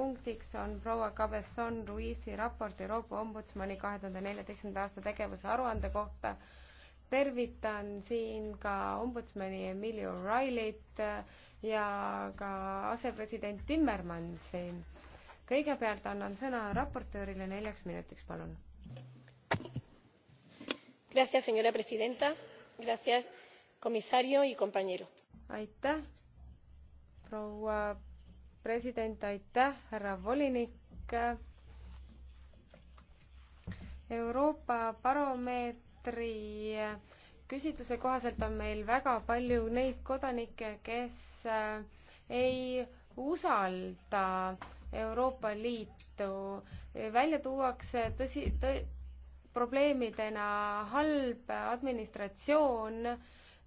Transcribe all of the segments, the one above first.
punktiks on proua Cabezon Ruizi raport Euroopa Ombudsmani kahe tuhande neljateistkümnenda aasta tegevuse aruande kohta. tervitan siin ka ombudsmani Emilio O'Reillyt ja ka asepresident Timmermansi. kõigepealt annan sõna raportöörile neljaks minutiks, palun. Gracias, señora presidenta. Gracias, comisario y compañero. aitäh, proua president, aitäh, härra volinik. Euroopa Baromeetri küsitluse kohaselt on meil väga palju neid kodanikke, kes äh, ei usalda Euroopa Liitu. välja tuuakse tõsi tõ,, probleemidena halb administratsioon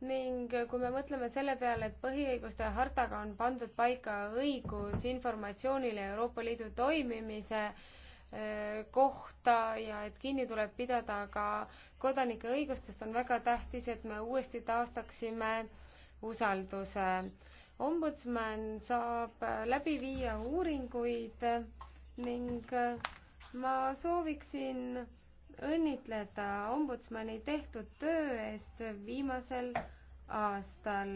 ning kui me mõtleme selle peale, et põhiõiguste hartaga on pandud paika õigus informatsioonile Euroopa Liidu toimimise eh, kohta ja et kinni tuleb pidada ka kodanike õigustest, on väga tähtis, et me uuesti taastaksime usalduse. ombudsman saab eh, läbi viia uuringuid ning eh, ma sooviksin õnnitleda ombudsmani tehtud töö eest viimasel aastal.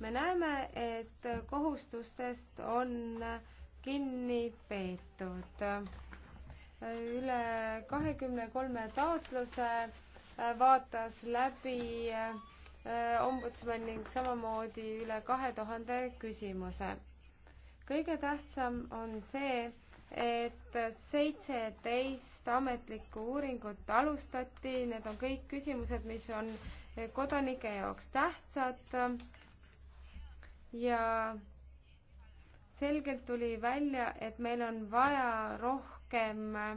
me näeme, et kohustustest on kinni peetud. üle kahekümne kolme taotluse vaatas läbi äh, ombudsman ning samamoodi üle kahe tuhande küsimuse. kõige tähtsam on see, et seitseteist ametlikku uuringut alustati, need on kõik küsimused, mis on kodanike jaoks tähtsad ja selgelt tuli välja, et meil on vaja rohkem äh,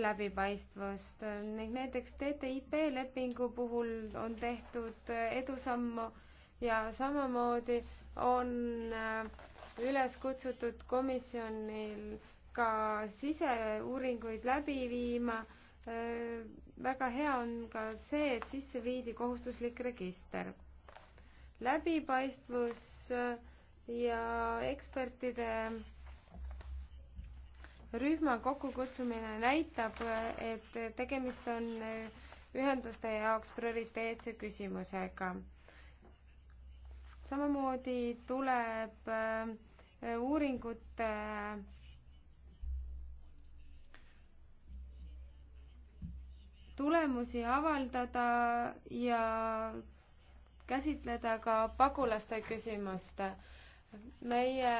läbipaistvust ning näiteks TTIP lepingu puhul on tehtud äh, edusammu ja samamoodi on äh, üles kutsutud komisjonil ka siseuuringuid läbi viima. Äh, väga hea on ka see, et sisse viidi kohustuslik register. läbipaistvus äh, ja ekspertide rühma kokkukutsumine näitab, äh, et tegemist on ühenduste jaoks prioriteetse küsimusega samamoodi tuleb äh, uuringute tulemusi avaldada ja käsitleda ka pagulaste küsimust. meie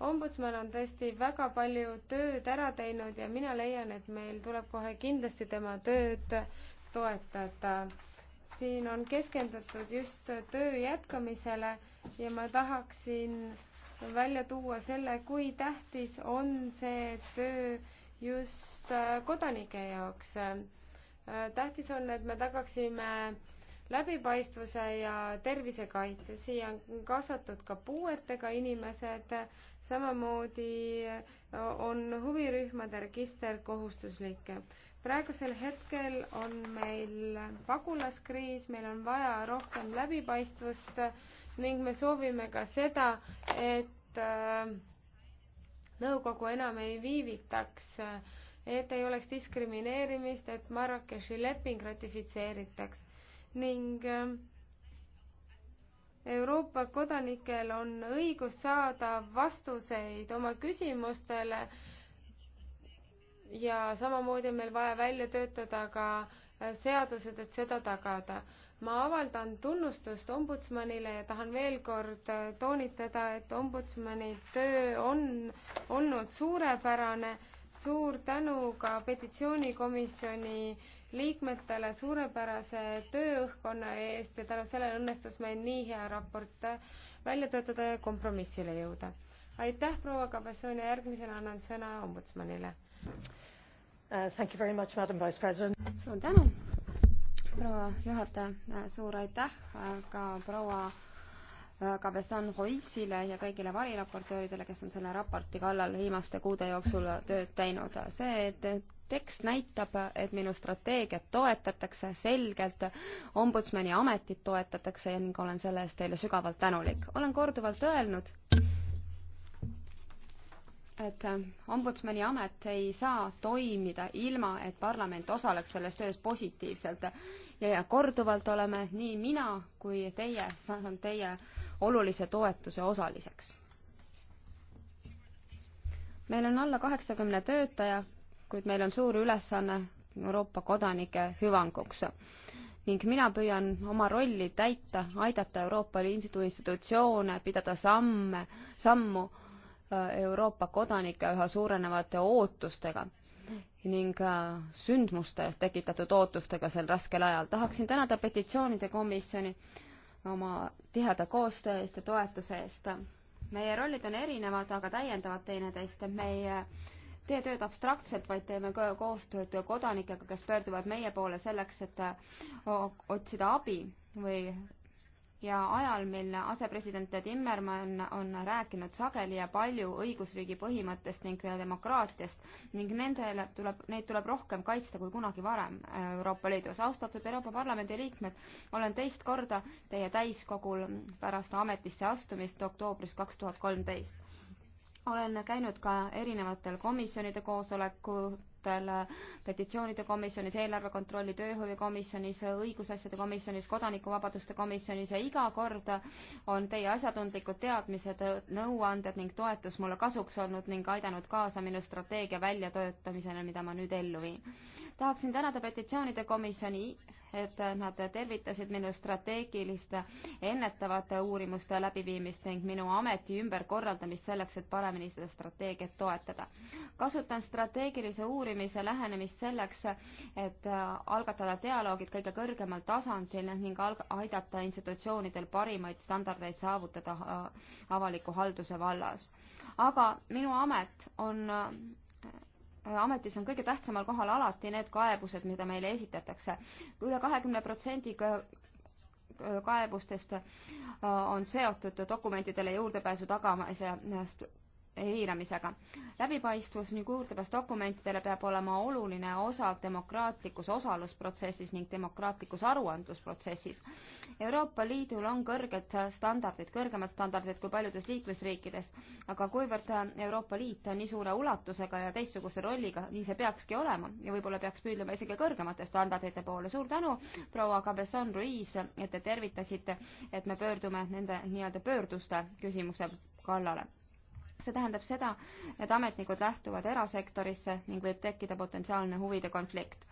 ombudsman on tõesti väga palju tööd ära teinud ja mina leian, et meil tuleb kohe kindlasti tema tööd toetada siin on keskendatud just töö jätkamisele ja ma tahaksin välja tuua selle, kui tähtis on see töö just äh, kodanike jaoks. Äh, tähtis on, et me tagaksime läbipaistvuse ja tervisekaitse, siia on kaasatud ka puuetega inimesed, samamoodi äh, on huvirühmade register kohustuslik praegusel hetkel on meil pagulaskriis, meil on vaja rohkem läbipaistvust ning me soovime ka seda, et äh, nõukogu enam ei viivitaks, et ei oleks diskrimineerimist, et Marrakechi leping ratifitseeritaks ning äh, Euroopa kodanikel on õigus saada vastuseid oma küsimustele ja samamoodi on meil vaja välja töötada ka äh, seadused, et seda tagada. ma avaldan tunnustust ombudsmanile ja tahan veel kord äh, toonitada, et ombudsmani töö on olnud suurepärane. suur tänu ka petitsioonikomisjoni liikmetele suurepärase tööõhkkonna eest ja tänu sellele õnnestus meil nii hea raport äh, välja töötada ja kompromissile jõuda. aitäh, proua Kabasoon ja järgmisena annan sõna ombudsmanile Uh, suur tänu, proua juhataja, uh, suur aitäh uh, ka proua Cabezon Ruizile ja kõigile variraportööridele, kes on selle raporti kallal viimaste kuude jooksul tööd teinud. see tekst näitab, et minu strateegiat toetatakse selgelt, ombudsmani ametit toetatakse ning olen selle eest teile sügavalt tänulik. olen korduvalt öelnud, et äh, ombudsmani amet ei saa toimida ilma, et parlament osaleks selles töös positiivselt. ja korduvalt oleme nii mina kui teie saanud teie olulise toetuse osaliseks. meil on alla kaheksakümne töötaja, kuid meil on suur ülesanne Euroopa kodanike hüvanguks ning mina püüan oma rolli täita, aidata Euroopa Liidu institutsioone pidada samme, sammu Euroopa kodanike üha suurenevate ootustega ning äh, sündmuste tekitatud ootustega sel raskel ajal. tahaksin tänada petitsioonide komisjoni oma tiheda koostöö eest ja toetuse eest. meie rollid on erinevad, aga täiendavad teineteist. me ei tee tööd abstraktselt, vaid teeme koostööd kodanikega, kes pöörduvad meie poole selleks, et äh, otsida abi või ja ajal, mil asepresident Timmermann on rääkinud sageli ja palju õigusriigi põhimõttest ning demokraatiast ning nendele tuleb, neid tuleb rohkem kaitsta kui kunagi varem Euroopa Liidus. austatud Euroopa Parlamendi liikmed, olen teist korda teie täiskogul pärast ametisse astumist oktoobris kaks tuhat kolmteist olen käinud ka erinevatel komisjonide koosolekutel, liikmetel äh, petitsioonide komisjonis, eelarve kontrolli tööhõivekomisjonis, äh, õigusasjade komisjonis, kodanikuvabaduste komisjonis ja iga kord on teie asjatundlikud teadmised, äh, nõuanded ning toetus mulle kasuks olnud ning aidanud kaasa minu strateegia väljatöötamisele, mida ma nüüd ellu viin. tahaksin tänada petitsioonide komisjoni et nad tervitasid minu strateegilist ennetavate uurimuste läbiviimist ning minu ameti ümberkorraldamist selleks, et paremini seda strateegiat toetada. kasutan strateegilise uurimise lähenemist selleks, et algatada dialoogid kõige kõrgemal tasandil ning alg-, aidata institutsioonidel parimaid standardeid saavutada äh, avaliku halduse vallas. aga minu amet on Äh, ametis on kõige tähtsamal kohal alati need kaebused, mida meile esitatakse üle. üle kahekümne protsendi kaebustest äh, on seotud dokumentidele juurdepääsu tagamisest eiramisega. läbipaistvus ning juurdepääs dokumentidele peab olema oluline osa demokraatlikus osalusprotsessis ning demokraatlikus aruandlusprotsessis. Euroopa Liidul on kõrged standardid, kõrgemad standardid kui paljudes liikmesriikides, aga kuivõrd Euroopa Liit on nii suure ulatusega ja teistsuguse rolliga, nii see peakski olema ja võib-olla peaks püüdlema isegi kõrgemate standardite poole. suur tänu, proua Cabezon-Ruiz, et te tervitasite, et me pöördume nende nii-öelda pöörduste küsimuse kallale see tähendab seda, et ametnikud lähtuvad erasektorisse ning võib tekkida potentsiaalne huvide konflikt.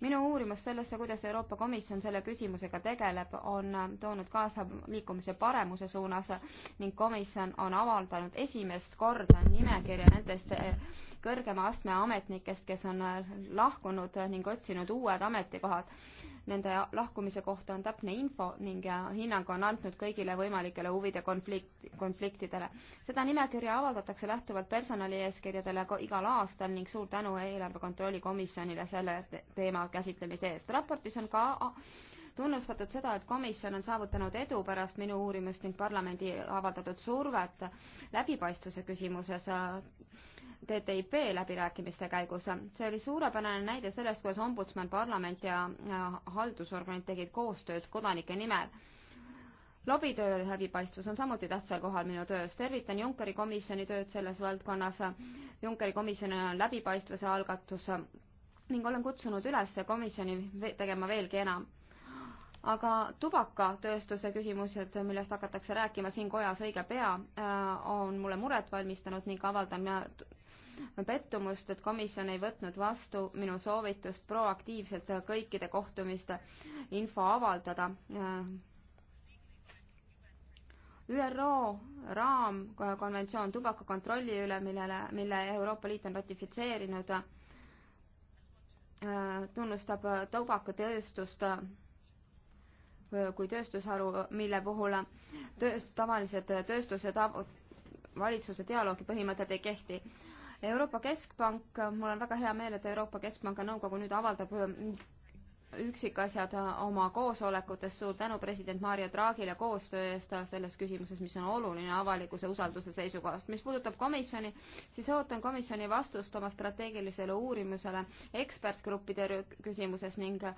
minu uurimus sellesse, kuidas Euroopa Komisjon selle küsimusega tegeleb, on toonud kaasa liikumise paremuse suunas ning komisjon on avaldanud esimest korda nimekirja nendest kõrgema astme ametnikest, kes on äh, lahkunud äh, ning otsinud uued ametikohad. Nende lahkumise kohta on täpne info ning äh, hinnang on antud kõigile võimalikele huvide konflikt, konfliktidele. seda nimekirja avaldatakse lähtuvalt personalieeskirjadele igal aastal ning suur tänu eelarve kontrolli komisjonile selle teema käsitlemise eest. raportis on ka tunnustatud seda, et komisjon on saavutanud edu pärast minu uurimust ning parlamendi avaldatud survet läbipaistvuse küsimuses TTIP läbirääkimiste käigus. see oli suurepärane näide sellest, kuidas ombudsman, parlament ja haldusorganid tegid koostööd kodanike nimel lobitöö läbipaistvus on samuti tähtsal kohal minu töös. tervitan Junckeri komisjoni tööd selles valdkonnas. Junckeri komisjonil on läbipaistvuse algatus ning olen kutsunud üles komisjoni tegema veelgi enam. aga tubakatööstuse küsimused, millest hakatakse rääkima siin kojas õige pea, äh, on mulle muret valmistanud ning avaldan pettumust, et komisjon ei võtnud vastu minu soovitust proaktiivselt kõikide kohtumiste info avaldada. ÜRO raamkonventsioon tubakakontrolli üle, millele, mille Euroopa Liit on ratifitseerinud, tunnustab tubakatööstust kui tööstusharu, mille puhul tööst-, tavalised tööstuse tav-, valitsuse dialoogi põhimõtted ei kehti. Euroopa Keskpank, mul on väga hea meel, et Euroopa Keskpanga nõukogu nüüd avaldab äh, üksikasjad äh, oma koosolekutes, suur tänu president Mario Draghile koostöö eest äh, selles küsimuses, mis on oluline avalikkuse usalduse seisukohast. mis puudutab komisjoni, siis ootan komisjoni vastust oma strateegilisele uurimusele ekspertgruppide küsimuses ning äh,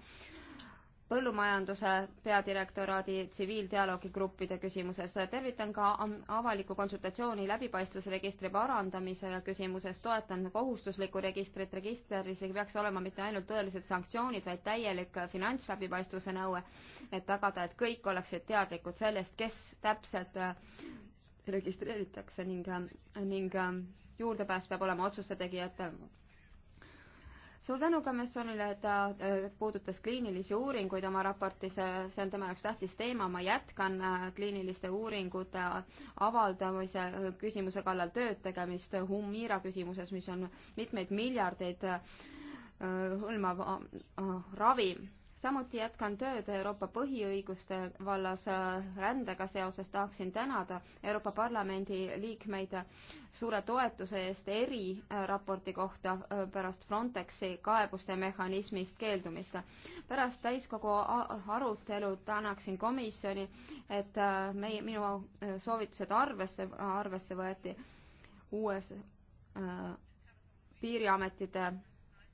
põllumajanduse peadirektoraadi tsiviildialoogigruppide küsimuses. tervitan ka avaliku konsultatsiooni läbipaistvusregistri parandamise küsimuses. toetan kohustuslikku registrit. registris ei peaks olema mitte ainult tõelised sanktsioonid, vaid täielik finantsläbipaistvuse nõue, et tagada, et kõik oleksid teadlikud sellest, kes täpselt äh, registreeritakse ning, äh, ning äh, juurdepääs peab olema otsuste tegijatel suur tänu komisjonile, ta äh, puudutas kliinilisi uuringuid oma raportis, see on tema jaoks tähtis teema, ma jätkan äh, kliiniliste uuringute avaldamise äh, küsimuse kallal tööd tegemist Humira küsimuses, mis on mitmeid miljardeid hõlmav ravim samuti jätkan tööd Euroopa põhiõiguste vallas rändega seoses tahaksin tänada Euroopa Parlamendi liikmeid suure toetuse eest eriraporti äh, kohta äh, pärast Frontexi kaebuste mehhanismist keeldumist. pärast täiskogu arutelu tänaksin komisjoni, et äh, meie, minu soovitused arvesse, arvesse võeti uues äh, piiriametite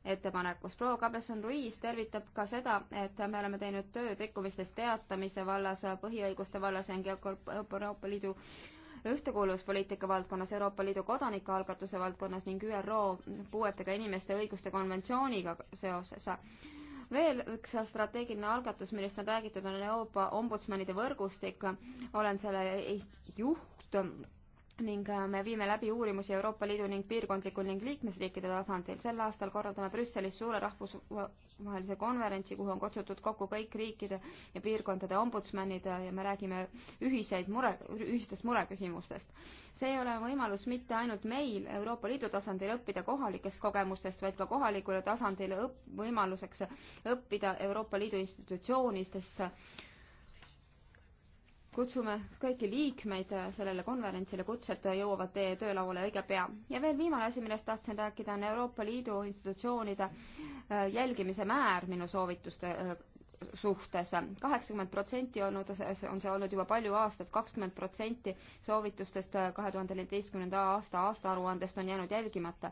ettepanekus. proua Kabeson-Ruiz tervitab ka seda, et me oleme teinud tööd rikkumistest teatamise vallas, põhiõiguste vallas ja Euroopa Liidu ühtekuuluvuspoliitika valdkonnas, Euroopa Liidu kodanikualgatuse valdkonnas ning ÜRO puuetega inimeste õiguste konventsiooniga seoses. veel üks strateegiline algatus, millest on räägitud, on Euroopa ombudsmanide võrgustik. olen selle juht ning äh, me viime läbi uurimusi Euroopa Liidu ning piirkondlikul ning liikmesriikide tasandil. sel aastal korraldame Brüsselis suure rahvusvahelise konverentsi, kuhu on kutsutud kokku kõik riikide ja piirkondade ombudsmanid äh, ja me räägime ühiseid mure, ühistest mureküsimustest. see ei ole võimalus mitte ainult meil Euroopa Liidu tasandil õppida kohalikest kogemustest, vaid ka kohalikule tasandile õpp-, võimaluseks õppida Euroopa Liidu institutsioonidest kutsume kõiki liikmeid äh, sellele konverentsile, kutsed äh, jõuavad teie töölauale õige pea. ja veel viimane asi, millest tahtsin rääkida, on Euroopa Liidu institutsioonide äh, jälgimise määr minu soovituste suhtes. kaheksakümmend protsenti on, on see olnud juba palju aastaid, kakskümmend protsenti soovitustest äh, kahe tuhande neljateistkümnenda aasta aastaaruandest on jäänud jälgimata.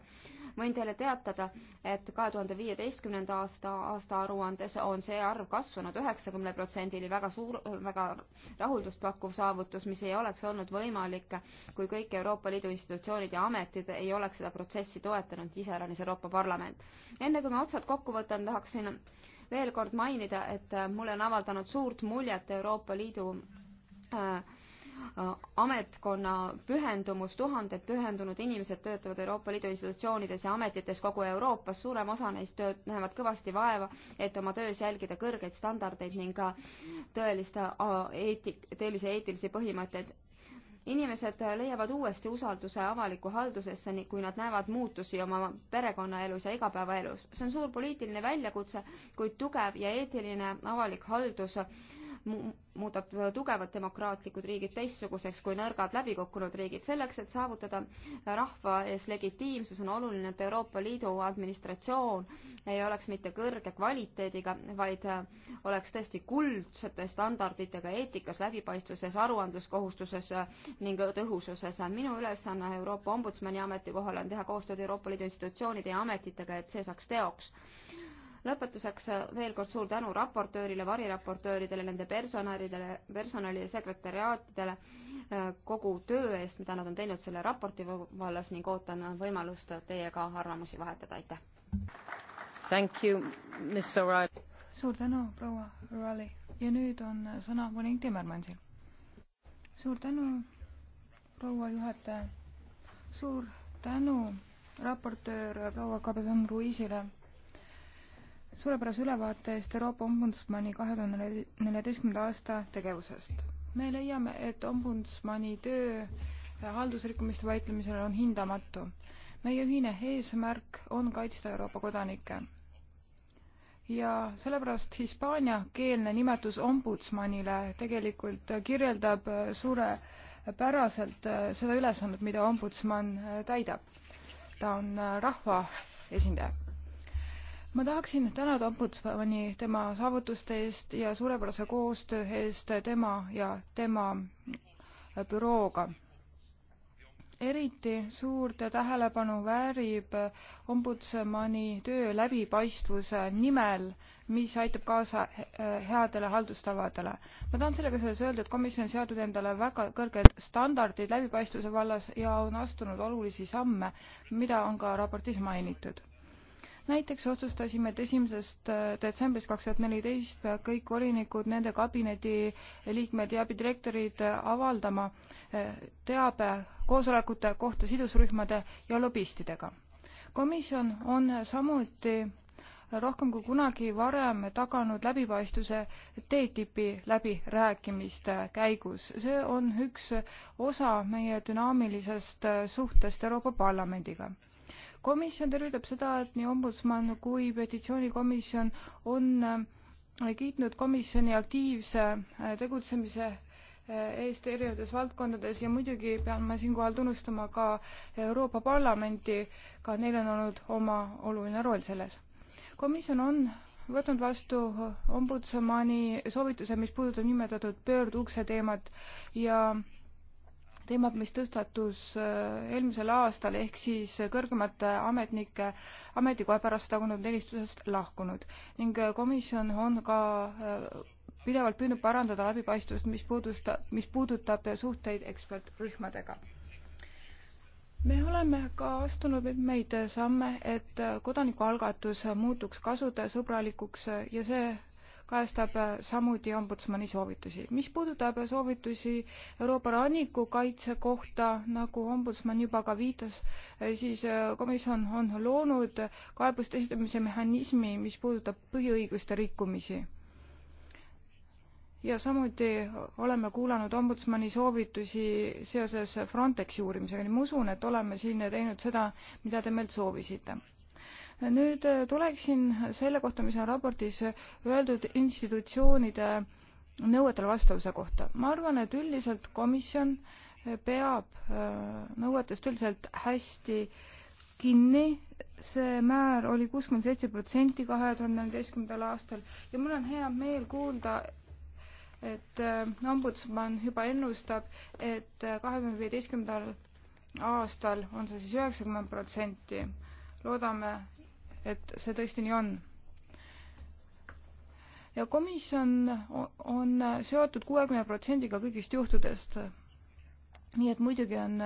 võin teile teatada, et kahe tuhande viieteistkümnenda aasta aastaaruandes on see arv kasvanud üheksakümne protsendini, väga suur, väga rahuldustpakkuv saavutus, mis ei oleks olnud võimalik, kui kõik Euroopa Liidu institutsioonid ja ametid ei oleks seda protsessi toetanud, iseäranis Euroopa Parlament. enne kui ma otsad kokku võtan, tahaksin veel kord mainida, et äh, mulle on avaldanud suurt muljet Euroopa Liidu äh, äh, ametkonna pühendumus, tuhanded pühendunud inimesed töötavad Euroopa Liidu institutsioonides ja ametites kogu Euroopas, suurem osa neist tööd näevad kõvasti vaeva, et oma töös jälgida kõrgeid standardeid ning ka tõelist eetik-, tõelisi eetilisi põhimõtteid inimesed leiavad uuesti usalduse avalikku haldusesse, kui nad näevad muutusi oma perekonnaelus ja igapäevaelus. see on suur poliitiline väljakutse, kuid tugev ja eetiline avalik haldus muudab tugevad demokraatlikud riigid teistsuguseks kui nõrgad läbikukkunud riigid. selleks, et saavutada rahva ees legitiimsus, on oluline, et Euroopa Liidu administratsioon ei oleks mitte kõrge kvaliteediga, vaid oleks tõesti kuldsete standarditega eetikas, läbipaistvuses, aruandluskohustuses ning tõhususes. minu ülesanne Euroopa Ombudsmani ametikohal on teha koostööd Euroopa Liidu institutsioonide ja ametitega, et see saaks teoks lõpetuseks veel kord suur tänu raportöörile, variraportööridele, nende personalidele, personali ja sekretäriaatidele äh, kogu töö eest, mida nad on teinud selle raporti vallas ning ootan võimalust teiega arvamusi vahetada, aitäh! suur tänu, proua Rally ja nüüd on sõna Monique Timmermansil. suur tänu, proua juhataja, suur tänu raportöör proua Kabezon Ruiisile suurepärase ülevaate eest Euroopa Ombudsmani kahe tuhande neljateistkümnenda aasta tegevusest. me leiame, et Ombudsmani töö haldusrikkumiste vaidlemisel on hindamatu. meie ühine eesmärk on kaitsta Euroopa kodanikke. ja sellepärast hispaaniakeelne nimetus ombudsmanile tegelikult kirjeldab suurepäraselt seda ülesannet, mida ombudsman täidab. ta on rahva esindaja ma tahaksin tänada ombudsmani tema saavutuste eest ja suurepärase koostöö eest tema ja tema bürooga. eriti suurt tähelepanu väärib ombudsmani töö läbipaistvuse nimel, mis aitab kaasa headele haldustavadele. ma tahan sellega seoses öelda, et komisjon on seadnud endale väga kõrged standardid läbipaistvuse vallas ja on astunud olulisi samme, mida on ka raportis mainitud näiteks otsustasime, et esimesest äh, detsembrist kaks tuhat neliteist peavad kõik volinikud, nende kabineti liikmed ja abidirektorid äh, avaldama äh, teabe koosolekute kohta sidusrühmade ja lobistidega. komisjon on samuti rohkem kui kunagi varem taganud läbipaistvuse TTIP-i läbirääkimiste käigus. see on üks osa meie dünaamilisest suhtest Euroopa Parlamendiga komisjon tervitab seda, et nii ombudsman kui petitsioonikomisjon on äh, kiitnud komisjoni aktiivse äh, tegutsemise äh, eest erinevates valdkondades ja muidugi pean ma siinkohal tunnustama ka Euroopa Parlamenti, ka neil on olnud oma oluline roll selles. komisjon on võtnud vastu ombudsmani soovituse, mis puudutab nimetatud pöördukse teemat ja teemat, mis tõstatus äh, eelmisel aastal, ehk siis kõrgemate ametnike ametikoha pärast seda, kui nad teenistusest lahkunud. ning äh, komisjon on ka äh, pidevalt püüdnud parandada läbipaistvust, mis puudustab, mis puudutab suhteid ekspertrühmadega. me oleme ka astunud mitmeid samme, et kodanikualgatus muutuks kasutajasõbralikuks ja see kajastab äh, samuti ombudsmani soovitusi. mis puudutab soovitusi Euroopa rannikukaitse kohta, nagu ombudsman juba ka viitas, äh, siis äh, komisjon on loonud kaebuste esitamise mehhanismi, mis puudutab põhiõiguste rikkumisi. ja samuti oleme kuulanud ombudsmani soovitusi seoses Frontexi uurimisega, nii ma usun, et oleme siin teinud seda, mida te meilt soovisite nüüd äh, tuleksin selle kohta, mis on raportis öeldud institutsioonide nõuetele vastavuse kohta. ma arvan, et üldiselt komisjon peab äh, nõuetest üldiselt hästi kinni, see määr oli kuuskümmend seitse protsenti kahe tuhande neljateistkümnendal aastal ja mul on hea meel kuulda, et äh, ombudsman juba ennustab, et kahe tuhande viieteistkümnendal aastal on see siis üheksakümmend protsenti. loodame et see tõesti nii on. ja komisjon on seotud kuuekümne protsendiga kõigist juhtudest. nii et muidugi on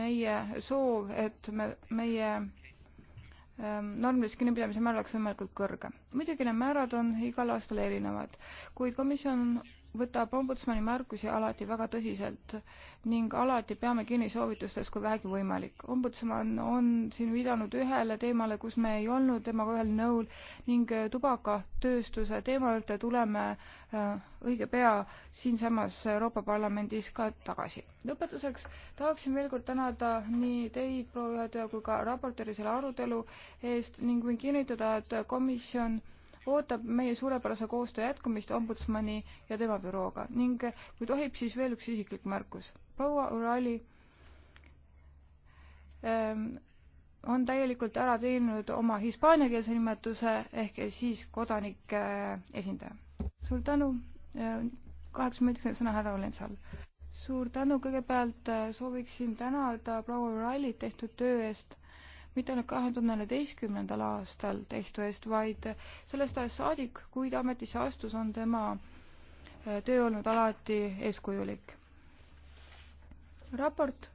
meie soov, et me, meie ähm, normidest kinnipidamise määr oleks võimalikult kõrge. muidugi need määrad on igal aastal erinevad, kuid komisjon võtab ombudsmani märkusi alati väga tõsiselt ning alati peame kinni soovitustest, kui vähegi võimalik. ombudsman on siin viidanud ühele teemale, kus me ei olnud temaga ühel nõul ning äh, tubakatööstuse teema juurde tuleme äh, õige pea siinsamas Euroopa Parlamendis ka tagasi. lõpetuseks tahaksin veel kord tänada nii teid, proua juhataja, kui ka raportööri selle arutelu eest ning võin kinnitada, et komisjon ootab meie suurepärase koostöö jätkumist ombudsmani ja tema bürooga ning kui tohib, siis veel üks isiklik märkus. proua Urali ähm, on täielikult ära teeninud oma hispaaniakeelse nimetuse ehk siis kodanike äh, esindaja. suur tänu, äh, kaheksa minutit sõna härra Olensal. suur tänu, kõigepealt äh, sooviksin tänada proua Rallit tehtud töö eest mitte ainult kahe tuhande neljateistkümnendal aastal tehtu eest, vaid sellest ajast saadik, kui ta ametisse astus, on tema äh, töö olnud alati eeskujulik. raport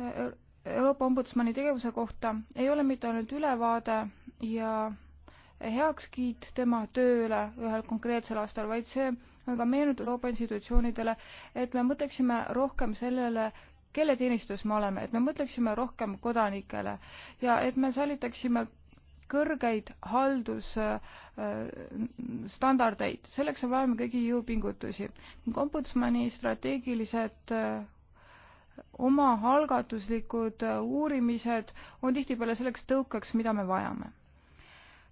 äh, Euroopa Ombudsmani tegevuse kohta ei ole mitte ainult ülevaade ja heakskiit tema tööle ühel konkreetsel aastal, vaid see on ka meenutus Euroopa institutsioonidele, et me mõtleksime rohkem sellele, kelle teenistus me oleme, et me mõtleksime rohkem kodanikele ja et me säilitaksime kõrgeid haldusstandardeid, selleks on vaja kõigi jõupingutusi. ombudsmani strateegilised äh, omaalgatuslikud äh, uurimised on tihtipeale selleks tõukeks, mida me vajame.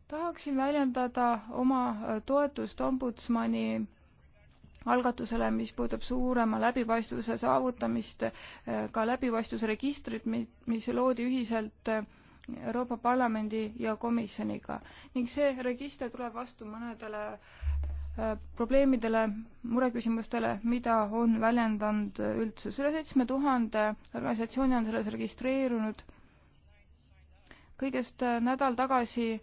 tahaksin väljendada oma äh, toetust ombudsmani algatusele, mis puudutab suurema läbipaistvuse saavutamist, eh, ka läbipaistvusregistrit, mis loodi ühiselt eh, Euroopa Parlamendi ja komisjoniga ning see register tuleb vastu mõnedele eh, probleemidele, mureküsimustele, mida on väljendanud üldsus. üle seitsme tuhande organisatsiooni on selles registreerunud. kõigest nädal tagasi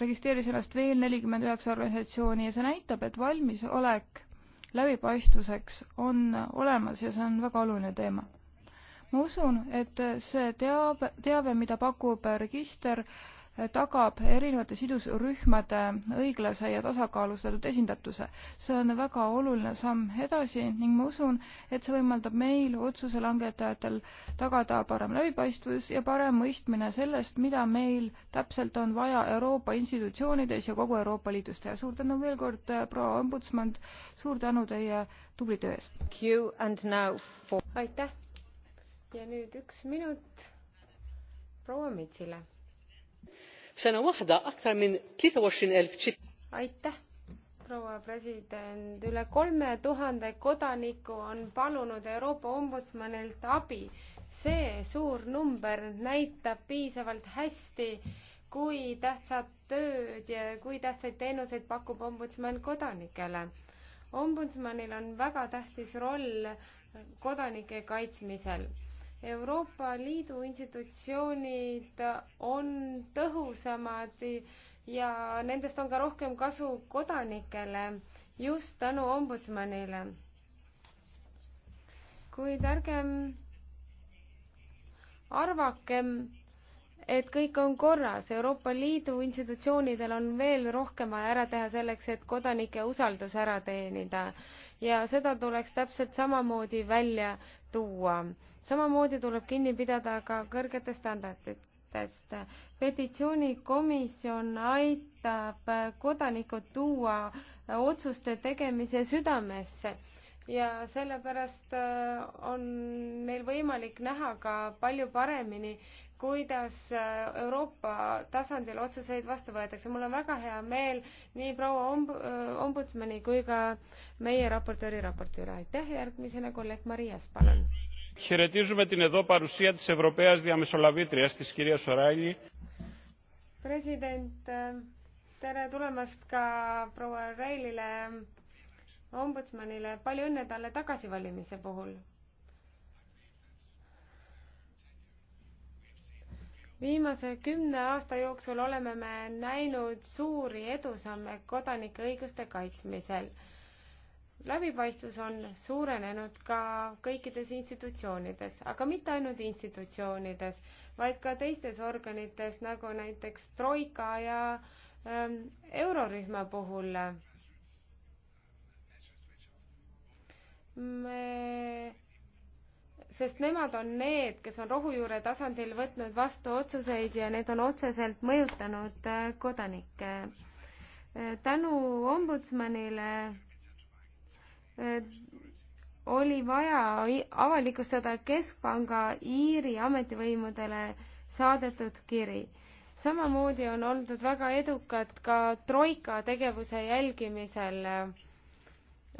registreeris ennast veel nelikümmend üheksa organisatsiooni ja see näitab, et valmisolek läbipaistvuseks on olemas ja see on väga oluline teema. ma usun, et see teab, teave, mida pakub register, tagab erinevate sidusrühmade õiglase ja tasakaalustatud esindatuse. see on väga oluline samm edasi ning ma usun, et see võimaldab meil, otsuse langetajatel, tagada parem läbipaistvus ja parem mõistmine sellest, mida meil täpselt on vaja Euroopa institutsioonides ja kogu Euroopa Liidus teha. suur tänu veel kord, eh, proua ombudsman, suur tänu teie tubli töö eest! aitäh! ja nüüd üks minut proua Mitsile f'sena waħda aktar minn 23,000 ċittadin. aitäh, proua president, üle kolme tuhande kodaniku on palunud Euroopa Ombudsmanilt abi. see suur number näitab piisavalt hästi, kui tähtsat tööd ja kui tähtsaid teenuseid pakub ombudsman kodanikele. ombudsmanil on väga tähtis roll kodanike kaitsmisel Euroopa Liidu institutsioonid on tõhusamad ja nendest on ka rohkem kasu kodanikele just tänu ombudsmanile. kuid ärgem arvakem, et kõik on korras, Euroopa Liidu institutsioonidel on veel rohkem vaja ära teha selleks, et kodanike usaldus ära teenida. ja seda tuleks täpselt samamoodi välja tuua. samamoodi tuleb kinni pidada ka kõrgetest standarditest. petitsioonikomisjon aitab kodanikud tuua otsuste tegemise südamesse ja sellepärast äh, on meil võimalik näha ka palju paremini, kuidas äh, Euroopa tasandil otsuseid vastu võetakse. mul on väga hea meel nii proua omb-, äh, ombudsmani kui ka meie raportööri raporti üle. aitäh, järgmisena kolleeg Marias, palun. Χαιρετίζουμε την εδώ παρουσία της Ευρωπαίας Διαμεσολαβήτριας, της κυρίας Σοράγη. President, äh, tere tulemast ka proua Reilile, ombudsmanile. Palju õnne talle tagasivalimise puhul. viimase kümne aasta jooksul oleme me näinud suuri edusamme kodanike õiguste kaitsmisel. läbipaistvus on suurenenud ka kõikides institutsioonides, aga mitte ainult institutsioonides, vaid ka teistes organites, nagu näiteks Troika ja ähm, eurorühma puhul. me sest nemad on need, kes on rohujuure tasandil võtnud vastu otsuseid ja need on otseselt mõjutanud äh, kodanikke. Äh, tänu ombudsmanile äh, oli vaja avalikustada Keskpanga Iiri ametivõimudele saadetud kiri. samamoodi on oldud väga edukad ka Troika tegevuse jälgimisel.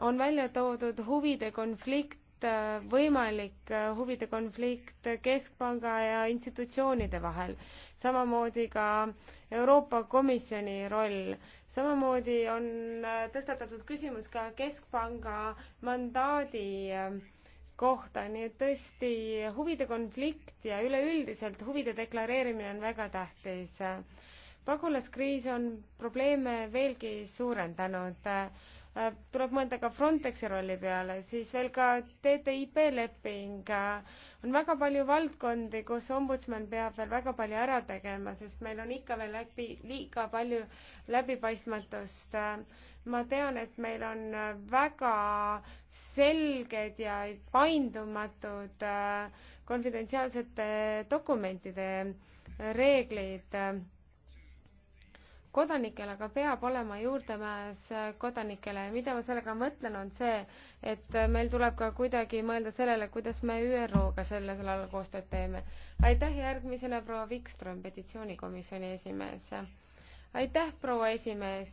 on välja toodud huvide konflikt Äh, võimalik äh, huvide konflikt Keskpanga ja institutsioonide vahel, samamoodi ka Euroopa Komisjoni roll. samamoodi on äh, tõstatatud küsimus ka Keskpanga mandaadi kohta, nii et tõesti huvide konflikt ja üleüldiselt huvide deklareerimine on väga tähtis. pagulaskriis on probleeme veelgi suurendanud Äh, tuleb mõelda ka Frontexi rolli peale, siis veel ka TTIP leping. Äh, on väga palju valdkondi, kus ombudsman peab veel väga palju ära tegema, sest meil on ikka veel läbi, liiga palju läbipaistmatust. Äh, ma tean, et meil on väga selged ja paindumatud konfidentsiaalsete dokumentide reeglid kodanikel aga peab olema juurdepääs kodanikele ja mida ma sellega mõtlen, on see, et meil tuleb ka kuidagi mõelda sellele, kuidas me ÜRO-ga sellel alal koostööd teeme. aitäh, järgmisena proua Vikström, petitsioonikomisjoni esimees. aitäh, proua esimees.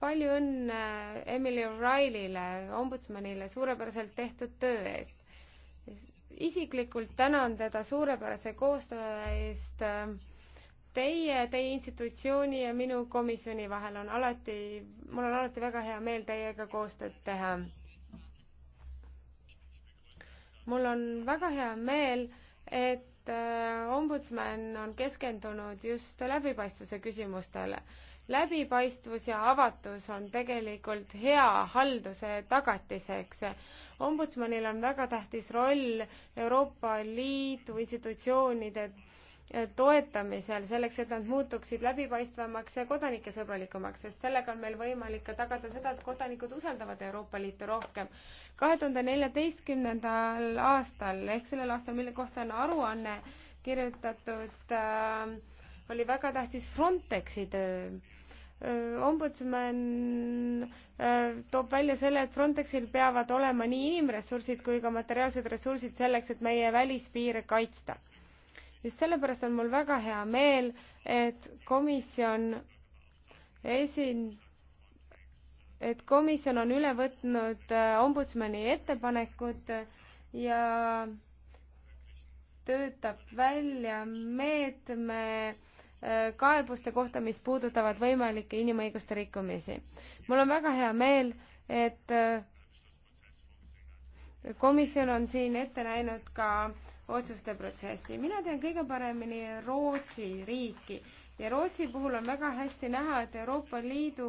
palju õnne Emily O'Reillyle, ombudsmanile, suurepäraselt tehtud töö eest. isiklikult tänan teda suurepärase koostöö eest äh, teie, teie institutsiooni ja minu komisjoni vahel on alati, mul on alati väga hea meel teiega koostööd teha. mul on väga hea meel, et äh, ombudsman on keskendunud just läbipaistvuse küsimustele. läbipaistvus ja avatus on tegelikult hea halduse tagatiseks. ombudsmanil on väga tähtis roll Euroopa Liidu institutsioonide toetamisel, selleks et nad muutuksid läbipaistvamaks ja kodanikesõbralikumaks, sest sellega on meil võimalik ka tagada seda, et kodanikud usaldavad Euroopa Liitu rohkem. kahe tuhande neljateistkümnendal aastal ehk sellel aastal, mille kohta on aruanne kirjutatud äh,, oli väga tähtis Frontexi töö äh, ombudsman äh, toob välja selle, et Frontexil peavad olema nii inimressursid kui ka materiaalsed ressursid selleks, et meie välispiire kaitsta just sellepärast on mul väga hea meel, et komisjon esin-, et komisjon on üle võtnud äh, ombudsmani ettepanekud ja töötab välja meetme äh, kaebuste kohta, mis puudutavad võimalikke inimõiguste rikkumisi. mul on väga hea meel, et äh, komisjon on siin ette näinud ka äh, otsuste protsessi. mina tean kõige paremini Rootsi riiki ja Rootsi puhul on väga hästi näha, et Euroopa Liidu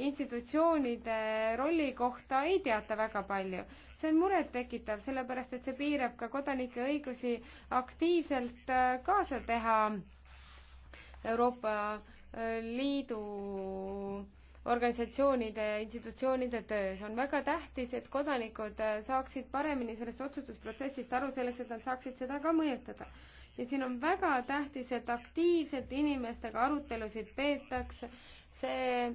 institutsioonide rolli kohta ei teata väga palju. see on murettekitav, sellepärast et see piirab ka kodanike õigusi aktiivselt äh, kaasa teha Euroopa äh, Liidu organisatsioonide ja institutsioonide töös. on väga tähtis, et kodanikud äh, saaksid paremini sellest otsustusprotsessist aru, selleks et nad saaksid seda ka mõjutada. ja siin on väga tähtis, et aktiivselt inimestega arutelusid peetakse, see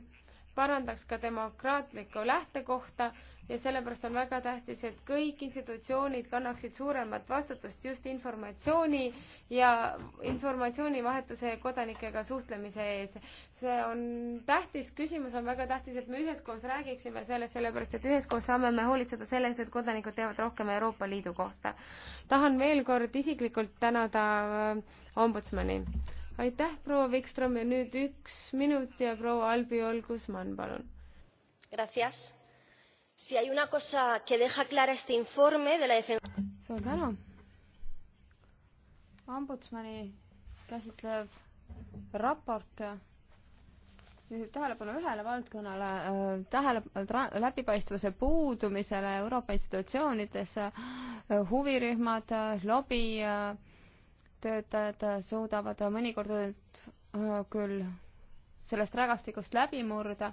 parandaks ka demokraatlikku lähtekohta ja sellepärast on väga tähtis, et kõik institutsioonid kannaksid suuremat vastutust just informatsiooni ja informatsioonivahetuse ja kodanikega suhtlemise ees. see on tähtis, küsimus on väga tähtis, et me üheskoos räägiksime sellest, sellepärast et üheskoos saame me hoolitseda selle eest, et kodanikud teavad rohkem Euroopa Liidu kohta. tahan veel kord isiklikult tänada äh, ombudsmani. aitäh, proua Vikström ja nüüd üks minut ja proua Albi Olgusmann, palun. Gracias Si hay una cosa que deja clara este informe de la defensa. suur tänu. ombudsmani käsitlev raport juhib tähelepanu ühele valdkonnale äh,, tähele, läbipaistvuse puudumisele Euroopa institutsioonides äh,, huvirühmad äh,, lobi töötajad suudavad mõnikord äh, küll sellest rägastikust läbi murda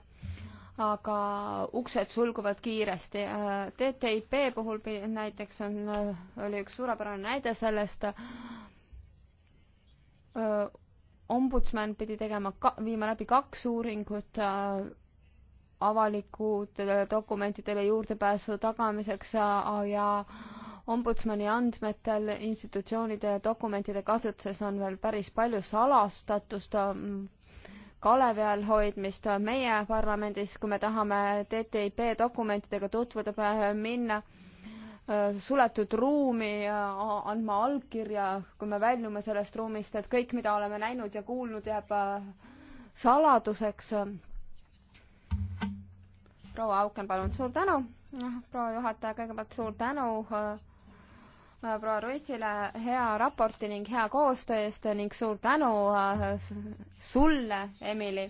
aga uksed sulguvad kiiresti. Äh, TTIP puhul näiteks on, äh, oli üks suurepärane näide sellest. Äh, ombudsman pidi tegema, viima läbi kaks uuringut avalikudele dokumentidele juurdepääsu tagamiseks ja ombudsmani andmetel institutsioonide dokumentide kasutuses on veel päris palju salastatust kalevi all hoidmist meie parlamendis, kui me tahame TTIP dokumentidega tutvuda, minna äh, suletud ruumi ja andma allkirja, kui me väljume sellest ruumist, et kõik, mida oleme näinud ja kuulnud, jääb äh, saladuseks. proua Auken, palun, suur tänu. proua juhataja, kõigepealt suur tänu äh, proua Ruisile hea raporti ning hea koostöö eest ning suur tänu äh, sulle, Emily,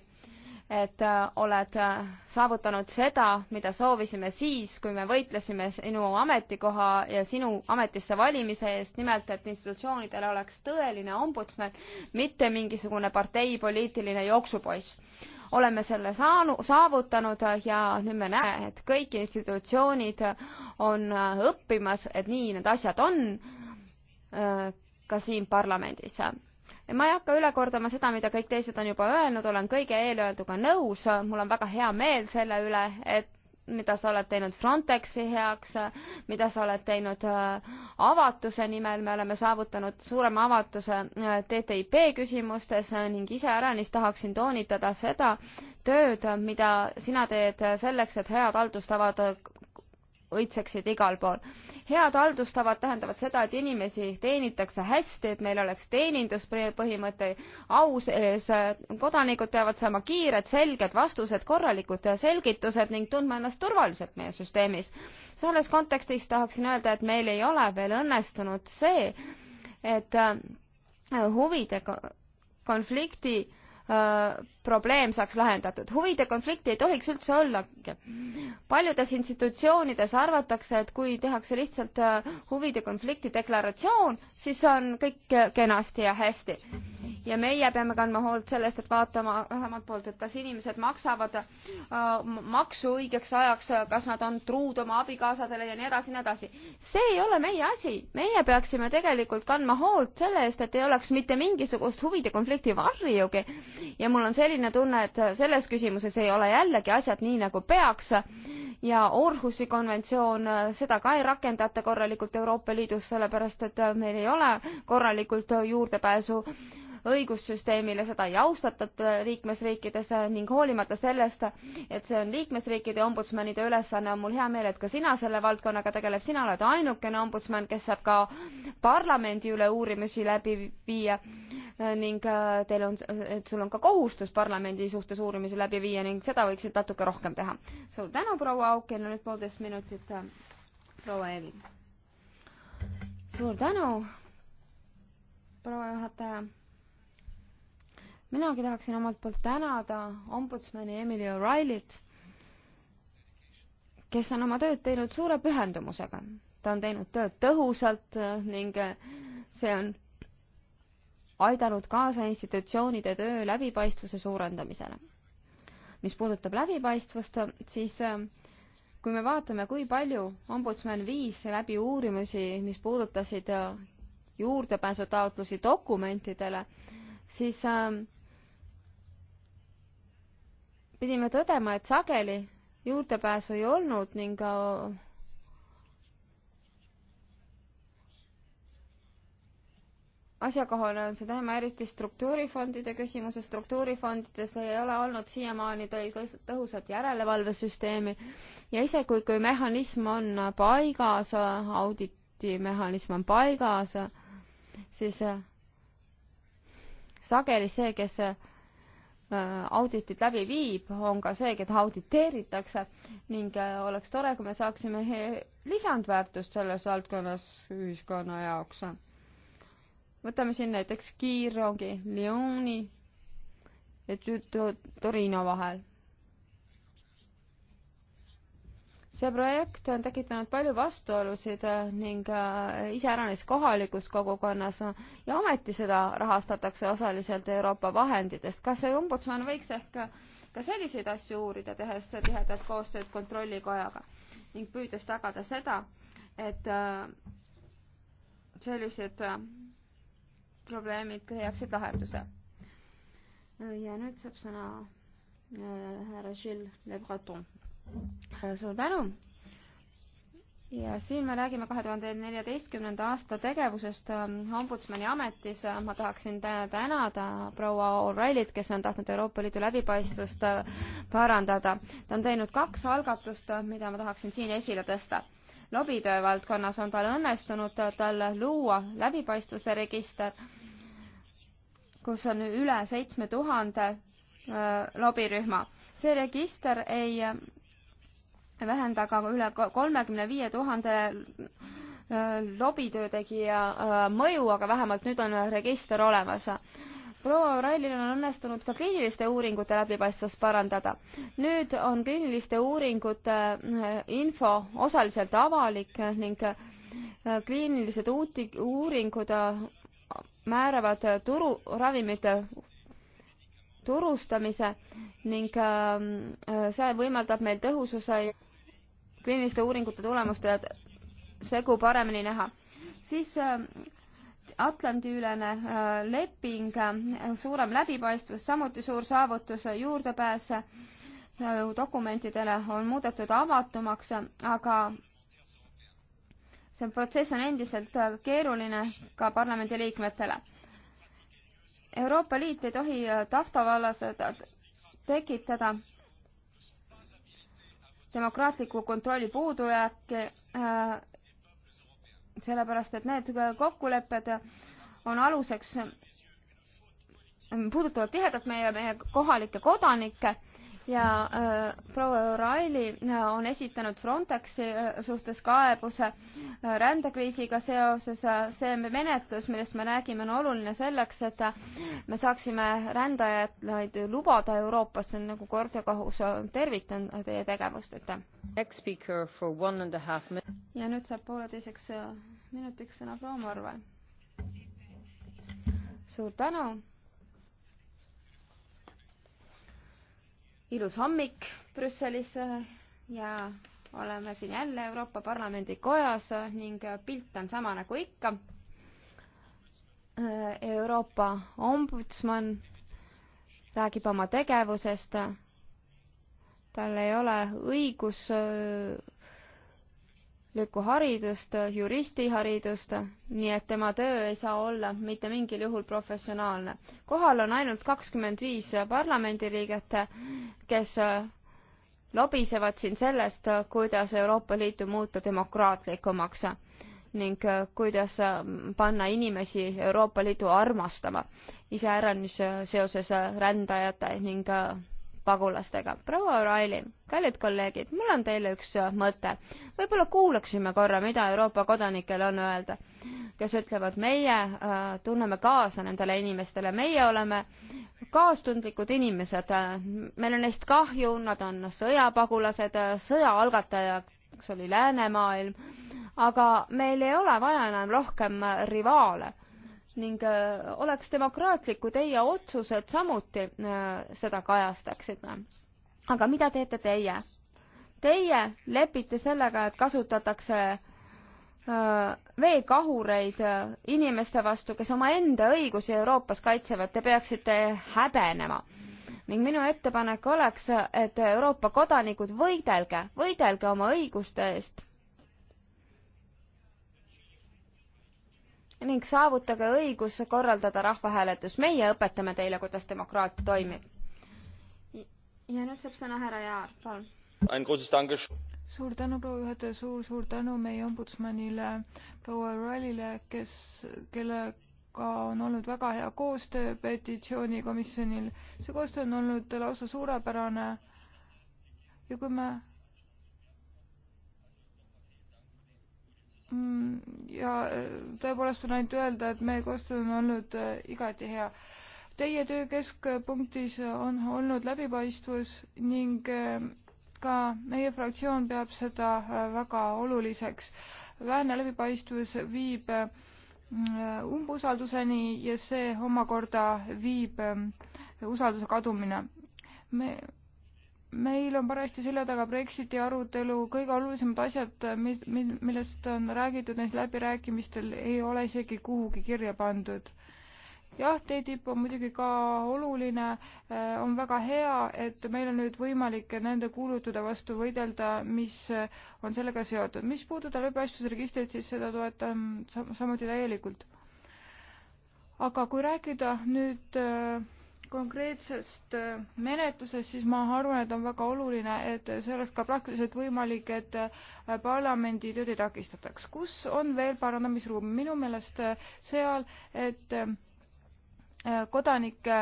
et äh, oled äh, saavutanud seda, mida soovisime siis, kui me võitlesime sinu ametikoha ja sinu ametisse valimise eest, nimelt et institutsioonidel oleks tõeline ombudsman, mitte mingisugune parteipoliitiline jooksupoiss oleme selle saanu, saavutanud ja nüüd me näeme, et kõik institutsioonid on õppimas, et nii need asjad on äh, ka siin parlamendis. ma ei hakka üle kordama seda, mida kõik teised on juba öelnud, olen kõige eelöelduga nõus, mul on väga hea meel selle üle, et mida sa oled teinud Frontexi heaks, mida sa oled teinud äh, avatuse nimel, me oleme saavutanud suurema avatuse äh, TTIP küsimustes ning iseäranis tahaksin toonitada seda tööd, mida sina teed selleks, et head haldustavad õitseksid igal pool. head haldustavad tähendavad seda, et inimesi teenitakse hästi, et meil oleks teeninduspõhimõte au sees, kodanikud peavad saama kiired, selged vastused, korralikud selgitused ning tundma ennast turvaliselt meie süsteemis. selles kontekstis tahaksin öelda, et meil ei ole veel õnnestunud see, et huvide konflikti Äh, probleem saaks lahendatud. huvide konflikti ei tohiks üldse ollagi. paljudes institutsioonides arvatakse, et kui tehakse lihtsalt äh, huvide konflikti deklaratsioon, siis on kõik äh, kenasti ja hästi ja meie peame kandma hoolt sellest, et vaatama vähemalt poolt, et kas inimesed maksavad äh, maksu õigeks ajaks, kas nad on truud oma abikaasadele ja nii edasi, nii edasi. see ei ole meie asi, meie peaksime tegelikult kandma hoolt selle eest, et ei oleks mitte mingisugust huvide konflikti varjugi. ja mul on selline tunne, et selles küsimuses ei ole jällegi asjad nii, nagu peaks ja Orhusi konventsioon, äh, seda ka ei rakendata korralikult Euroopa Liidus, sellepärast et äh, meil ei ole korralikult äh, juurdepääsu õigussüsteemile, seda ei austata liikmesriikides ning hoolimata sellest, et see on liikmesriikide ombudsmanide ülesanne, on mul hea meel, et ka sina selle valdkonnaga tegeled, sina oled ainukene ombudsman, kes saab ka parlamendi üle uurimisi läbi viia ning äh, teil on, et sul on ka kohustus parlamendi suhtes uurimisi läbi viia ning seda võiksid natuke rohkem teha. suur tänu, proua Auken, nüüd poolteist minutit äh, proua Eevi. suur tänu, proua juhataja minagi tahaksin omalt poolt tänada ombudsmani Emily O'Reillyt, kes on oma tööd teinud suure pühendumusega. ta on teinud tööd tõhusalt ning see on aidanud kaasa institutsioonide töö läbipaistvuse suurendamisele. mis puudutab läbipaistvust, siis kui me vaatame, kui palju ombudsman viis läbi uurimusi, mis puudutasid juurdepääsutaotlusi dokumentidele, siis äh, pidime tõdema, et sageli juurdepääsu ei olnud ning asjakohane on see teema eriti struktuurifondide küsimuses, struktuurifondides ei ole olnud siiamaani tõhusat järelevalvesüsteemi ja isegi kui mehhanism on paigas, auditimehhanism on paigas, siis sageli see, kes Äh, auditit läbi viib, on ka see, keda auditeeritakse ning äh, oleks tore, kui me saaksime lisandväärtust selles valdkonnas ühiskonna jaoks. võtame siin näiteks kiirrongi Lyoni ja Torino vahel. see projekt on tekitanud palju vastuolusid äh, ning äh, iseäranis kohalikus kogukonnas äh, ja ometi seda rahastatakse osaliselt Euroopa vahenditest. kas see ombudsman võiks ehk ka selliseid asju uurida, tehes tihedat koostööd Kontrollikojaga ning püüdes tagada seda, et sellised probleemid leiaksid lahenduse. ja nüüd saab sõna härra Gilles Le Breton Äh, suur tänu! ja siin me räägime kahe tuhande neljateistkümnenda aasta tegevusest ähm, Ombudsmani ametis. Äh, ma tahaksin tänada proua O'Reillyt, kes on tahtnud Euroopa Liidu läbipaistvust äh, parandada. ta on teinud kaks algatust, mida ma tahaksin siin esile tõsta. lobitöö valdkonnas on tal õnnestunud tal luua läbipaistvuse register, kus on üle seitsme tuhande lobirühma. see register ei vähendaga üle kolmekümne viie tuhande äh, lobitöö tegija äh, mõju, aga vähemalt nüüd on register olemas. proua Railil on õnnestunud ka kliiniliste uuringute läbipaistvust parandada. nüüd on kliiniliste uuringute äh, info osaliselt avalik ning kliinilised uuti-, uuringud määravad turu, ravimite turustamise ning see võimaldab meil tõhususe kliiniliste uuringute tulemuste segu paremini näha. siis äh, Atlandi-ülene äh, leping, äh, suurem läbipaistvus, samuti suur saavutus, juurdepääs dokumentidele on muudetud avatumaks, aga see protsess on endiselt keeruline ka parlamendiliikmetele. Euroopa Liit ei tohi taftavallas tekitada demokraatliku kontrolli puudujääk äh,, sellepärast et need kokkulepped on aluseks, puudutavad tihedalt meie, meie kohalikke kodanikke ja äh, proua O'Reilly äh, on esitanud Frontexi äh, suhtes kaebuse äh, rändekriisiga seoses äh,. see menetlus, millest me räägime, on oluline selleks, et äh, me saaksime rändajaid lubada Euroopasse, on nagu kord ja kohus. Äh, tervitan teie tegevust, aitäh. ja nüüd saab pooleteiseks äh, minutiks sõna proua Marve. suur tänu ilus hommik Brüsselis ja oleme siin jälle Euroopa Parlamendi kojas ning pilt on sama nagu ikka. Euroopa ombudsman räägib oma tegevusest. tal ei ole õigus likku haridust, juristiharidust, nii et tema töö ei saa olla mitte mingil juhul professionaalne. kohal on ainult kakskümmend viis parlamendiliiget, kes lobisevad siin sellest, kuidas Euroopa Liitu muuta demokraatlikumaks ning kuidas panna inimesi Euroopa Liidu armastama, iseäranis seoses rändajate ning pagulastega. proua O'Reilly, kallid kolleegid, mul on teile üks äh, mõte. võib-olla kuulaksime korra, mida Euroopa kodanikel on öelda, kes ütlevad, meie äh, tunneme kaasa nendele inimestele, meie oleme kaastundlikud inimesed, meil on neist kahju, nad on sõjapagulased, sõja algatajaks oli läänemaailm, aga meil ei ole vaja enam rohkem rivaale ning äh, oleks demokraatlik, kui teie otsused samuti äh, seda kajastaksid. aga mida teete teie? Teie lepite sellega, et kasutatakse äh, veekahureid inimeste vastu, kes omaenda õigusi Euroopas kaitsevad, te peaksite häbenema ning minu ettepanek oleks, et Euroopa kodanikud, võidelge, võidelge oma õiguste eest. ning saavutage õigus korraldada rahvahääletus. meie õpetame teile, kuidas demokraatia toimib. ja nüüd saab sõna härra Jaar, palun. suur tänu, proua juhataja, suur-suur tänu meie ombudsmanile, proua Rallile, kes, kelle ka on olnud väga hea koostöö petitsioonikomisjonil. see koostöö on olnud lausa suurepärane. ja kui me Mm, ja äh, tõepoolest on ainult öelda, et meie koostöö on olnud äh, igati hea. Teie töö keskpunktis on olnud läbipaistvus ning äh, ka meie fraktsioon peab seda väga oluliseks. vähene läbipaistvus viib umbusalduseni ja see omakorda viib usalduse kadumine. me meil on parajasti selja taga Brexiti arutelu, kõige olulisemad asjad, mis, mil, millest on räägitud neis läbirääkimistel, ei ole isegi kuhugi kirja pandud. jah, TTIP on muidugi ka oluline, äh, on väga hea, et meil on nüüd võimalik nende kuulutude vastu võidelda, mis äh, on sellega seotud. mis puudutab läbipaistvusregistrit, siis seda toetan sam samuti täielikult. aga kui rääkida nüüd äh, konkreetsest äh, menetlusest, siis ma arvan, et on väga oluline, et see oleks ka praktiliselt võimalik, et äh, parlamendi tööd ei takistataks. kus on veel parandamisruumi? minu meelest äh, seal, et kodanike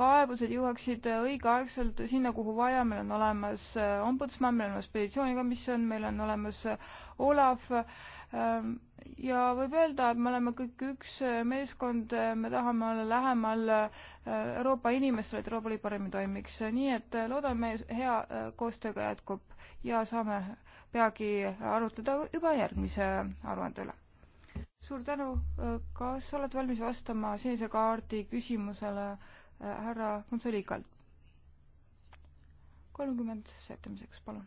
kaebused jõuaksid õigeaegselt sinna, kuhu vaja, meil on olemas ombudsman, meil on olemas petitsioonikomisjon, meil on olemas Olav ähm,, ja võib öelda, et me oleme kõik üks meeskond, me tahame olla lähemal äh, Euroopa inimestele, et Euroopa Liit paremini toimiks, nii et äh, loodame hea äh, koostööga jätkub ja saame peagi arutleda juba järgmise aruande üle. suur tänu, kas oled valmis vastama sinise kaardi küsimusele härra Konsoligalt? kolmkümmend sättimiseks, palun.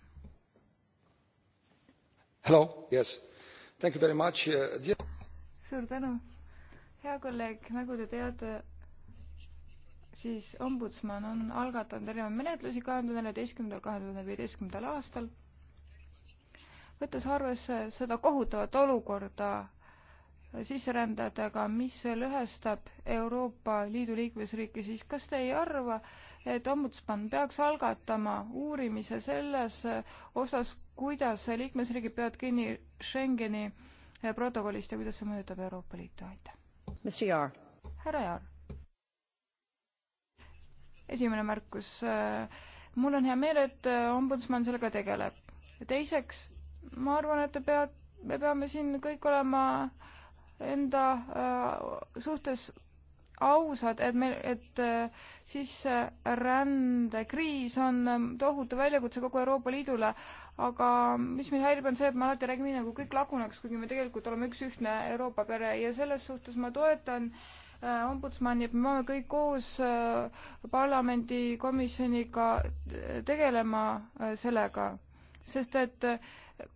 Hello, yes Uh, suur tänu. hea kolleeg, nagu te teate, siis ombudsman on algatanud erinevaid menetlusi kahe tuhande neljateistkümnendal, kahe tuhande viieteistkümnendal aastal, võttes arvesse seda kohutavat olukorda sisserändajatega, mis lõhestab Euroopa Liidu liikmesriike, siis kas te ei arva, et ombudsman peaks algatama uurimise selles osas, kuidas liikmesriigid peavad kinni Schengeni protokollist ja kuidas see mõjutab Euroopa Liitu, aitäh. härra Jaar. esimene märkus. mul on hea meel, et ombudsman sellega tegeleb. teiseks, ma arvan, et te peate me peame siin kõik olema enda äh, suhtes ausad, et meil, et äh, sisserändekriis on ähm, tohutu väljakutse kogu Euroopa Liidule, aga mis mind häirib, on see, et me alati räägime nii, nagu kõik laguneks, kuigi me tegelikult oleme üks ühtne Euroopa pere ja selles suhtes ma toetan äh, ombudsmani, et me peame kõik koos äh, parlamendikomisjoniga tegelema sellega, sest et äh,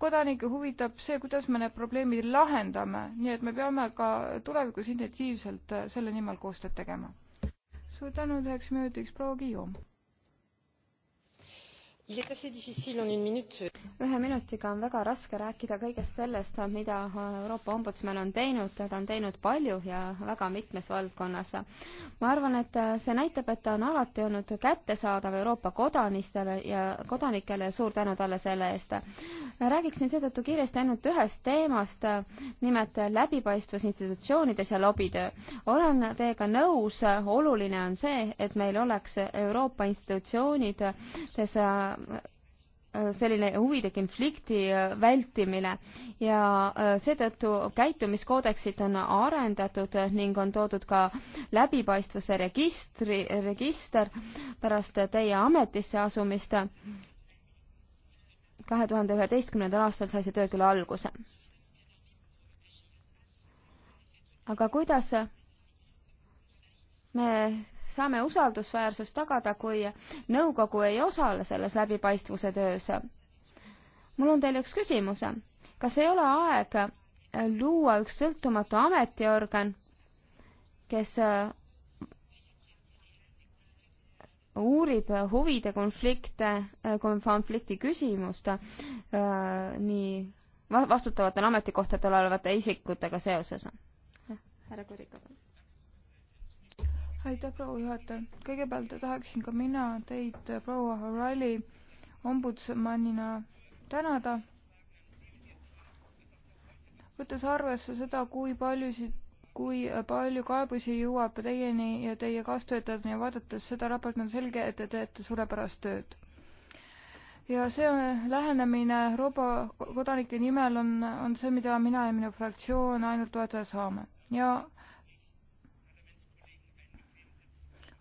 kodanikke huvitab see, kuidas me need probleemid lahendame, nii et me peame ka tulevikus intensiivselt selle nimel koostööd tegema. suur tänu, üheks minutiks proua Kiiu ühe minutiga on väga raske rääkida kõigest sellest, mida äh, Euroopa ombudsman on teinud, ta on teinud palju ja väga mitmes valdkonnas. ma arvan, et äh, see näitab, et ta on alati olnud kättesaadav Euroopa kodanistele ja kodanikele ja suur tänu talle selle eest. räägiksin seetõttu kiiresti ainult ühest teemast, nimelt läbipaistvus institutsioonides ja lobitöö. olen teiega nõus, oluline on see, et meil oleks Euroopa institutsioonides äh, Äh, selline huvide konflikti äh, vältimine ja äh, seetõttu käitumiskoodeksit on arendatud ning on toodud ka läbipaistvuse registri, register pärast teie ametisse asumist. kahe tuhande üheteistkümnendal aastal sai see töö küll alguse. aga kuidas me saame usaldusväärsust tagada, kui nõukogu ei osale selles läbipaistvuse töös. mul on teile üks küsimus. kas ei ole aeg luua üks sõltumatu ametiorgan, kes äh, uurib huvide konflikte, äh, konflikti küsimust äh, nii vastutavatel ametikohtadel olevate isikutega seoses. härra Kurikov aitäh, proua juhataja. kõigepealt tahaksin ka mina teid, proua O'Reilly, ombudsmanina tänada. võttes arvesse seda, kui paljusid kui palju kaebusi jõuab teieni ja teie kaastöötajateni ja vaadates seda raportit on selge, et te teete suurepärast tööd. ja see lähenemine Euroopa kodanike nimel on, on see, mida mina ja minu fraktsioon ainult toetada saame ja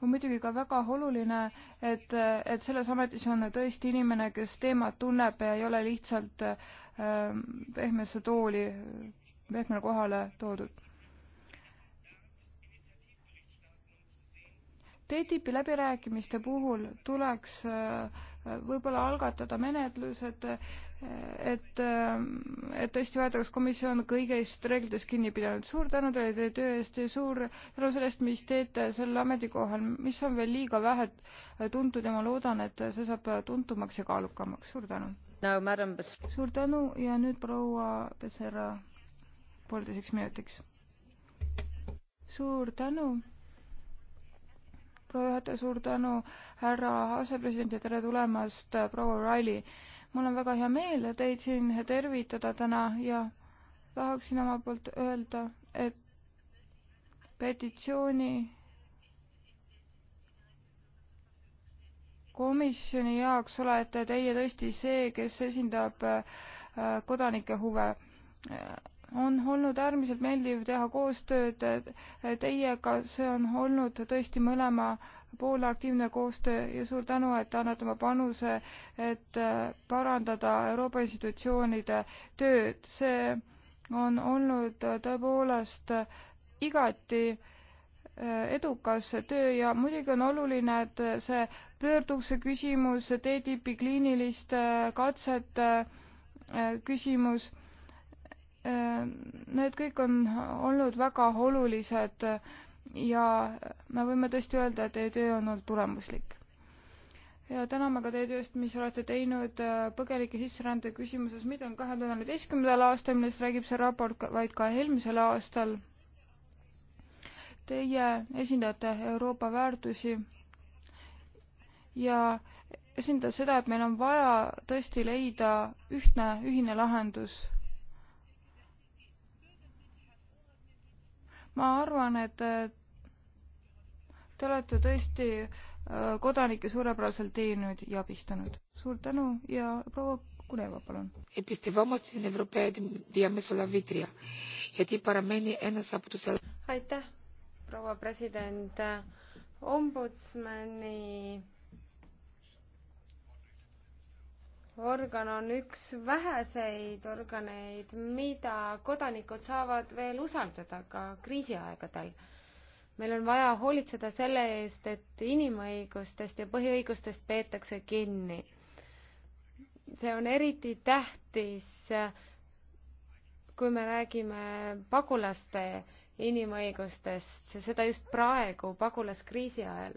on muidugi ka väga oluline, et, et selles ametis on tõesti inimene, kes teemat tunneb ja ei ole lihtsalt äh, pehmesse tooli, pehmele kohale toodud. TTIP-i läbirääkimiste puhul tuleks äh, võib-olla algatada menetlused, et, et tõesti vaadata, kas komisjon kõigest reeglitest kinni pidanud. suur tänu teile teie töö eest ja suur tänu selle eest, mis teete sel ametikohal, mis on veel liiga vähe tuntud ja ma loodan, et see saab tuntumaks ja kaalukamaks. suur tänu no,. suur tänu ja nüüd proua Pesera poolteiseks minutiks. suur tänu proua juhataja, suur tänu, härra asepresident ja tere tulemast, proua O'Reilly. mul on väga hea meel teid siin tervitada täna ja tahaksin omalt poolt öelda, et petitsiooni komisjoni jaoks olete teie tõesti see, kes esindab äh, kodanike huve on olnud äärmiselt meeldiv teha koostööd eh, teiega, see on olnud tõesti mõlema poole aktiivne koostöö ja suur tänu, et annate oma panuse, et eh, parandada Euroopa institutsioonide tööd. see on olnud tõepoolest igati eh, edukas töö ja muidugi on oluline, et see pöörduks see küsimus, TTIP-i kliiniliste katsete küsimus Need kõik on olnud väga olulised ja me võime tõesti öelda, et teie töö on olnud tulemuslik. ja täname ka teie tööst, mis olete teinud äh, põgenike sisserände küsimuses, mitte ainult kahe tuhande üheteistkümnendal aastal, millest räägib see raport, vaid ka eelmisel aastal. Teie esindate Euroopa väärtusi ja esindate seda, et meil on vaja tõesti leida ühtne, ühine lahendus ma arvan, et te olete tõesti äh, kodanikke suurepäraselt teeninud ja abistanud. suur tänu ja proua Kuneva, palun. aitäh, proua president. ombudsmani organ on üks väheseid organeid, mida kodanikud saavad veel usaldada ka kriisiaegadel. meil on vaja hoolitseda selle eest, et inimõigustest ja põhiõigustest peetakse kinni. see on eriti tähtis, kui me räägime pagulaste inimõigustest, seda just praegu, pagulaskriisi ajal